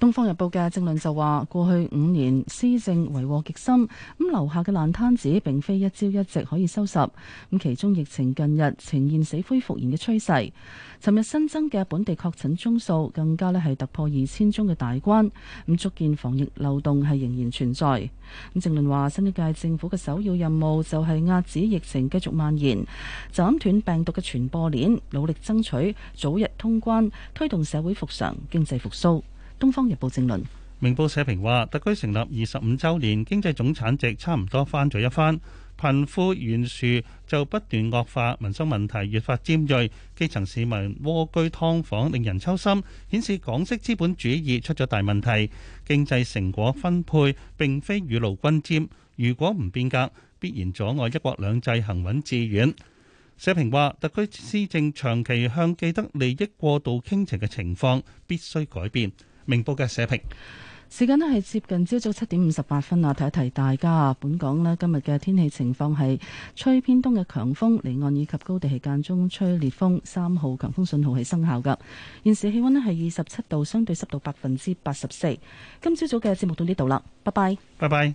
《東方日報》嘅正論就話，過去五年施政為禍極深，咁、嗯、留下嘅爛攤子並非一朝一夕可以收拾。咁、嗯、其中疫情近日呈現死灰復燃嘅趨勢。尋日新增嘅本地確診宗數更加呢係突破二千宗嘅大關，咁、嗯、足見防疫漏洞係仍然存在。咁、嗯、正論話，新一屆政府嘅首要任務就係壓止疫情繼續蔓延，斬斷病毒嘅傳播鏈，努力爭取早日通關，推動社會復常、經濟復甦。《東方日報》正論，明報社評話，特區成立二十五週年，經濟總產值差唔多翻咗一番，貧富懸殊就不斷惡化，民生問題越發尖銳，基層市民蝸居劏房，令人揪心，顯示港式資本主義出咗大問題，經濟成果分配並非雨露均沾。如果唔變革，必然阻礙一國兩制行穩致遠。社評話，特區施政長期向既得利益過度傾斜嘅情況，必須改變。明報嘅社評，時間咧係接近朝早七點五十八分啊，提一提大家啊，本港咧今日嘅天氣情況係吹偏東嘅強風，離岸以及高地係間中吹烈風，三號強風信號係生效噶。現時氣溫咧係二十七度，相對濕度百分之八十四。今朝早嘅節目到呢度啦，拜拜，拜拜。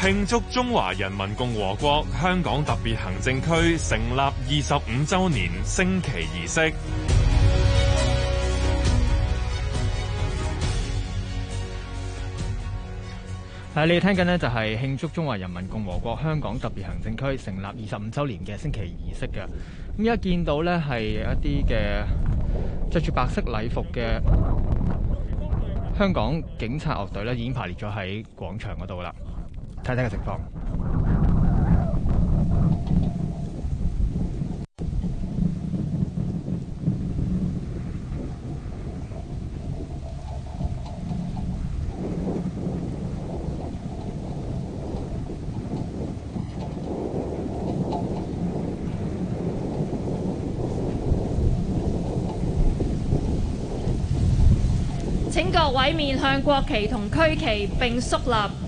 慶祝中華人民共和國香港特別行政區成立二十五周年升旗儀式。係、啊、你哋聽緊呢，就係慶祝中華人民共和國香港特別行政區成立二十五周年嘅升旗儀式嘅。咁而家見到呢，係一啲嘅着住白色禮服嘅香港警察樂隊呢已經排列咗喺廣場嗰度啦。睇睇嘅情況。請各位面向國旗同區旗並肅立。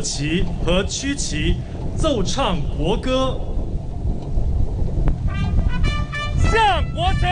旗和區旗奏唱國歌，向國旗。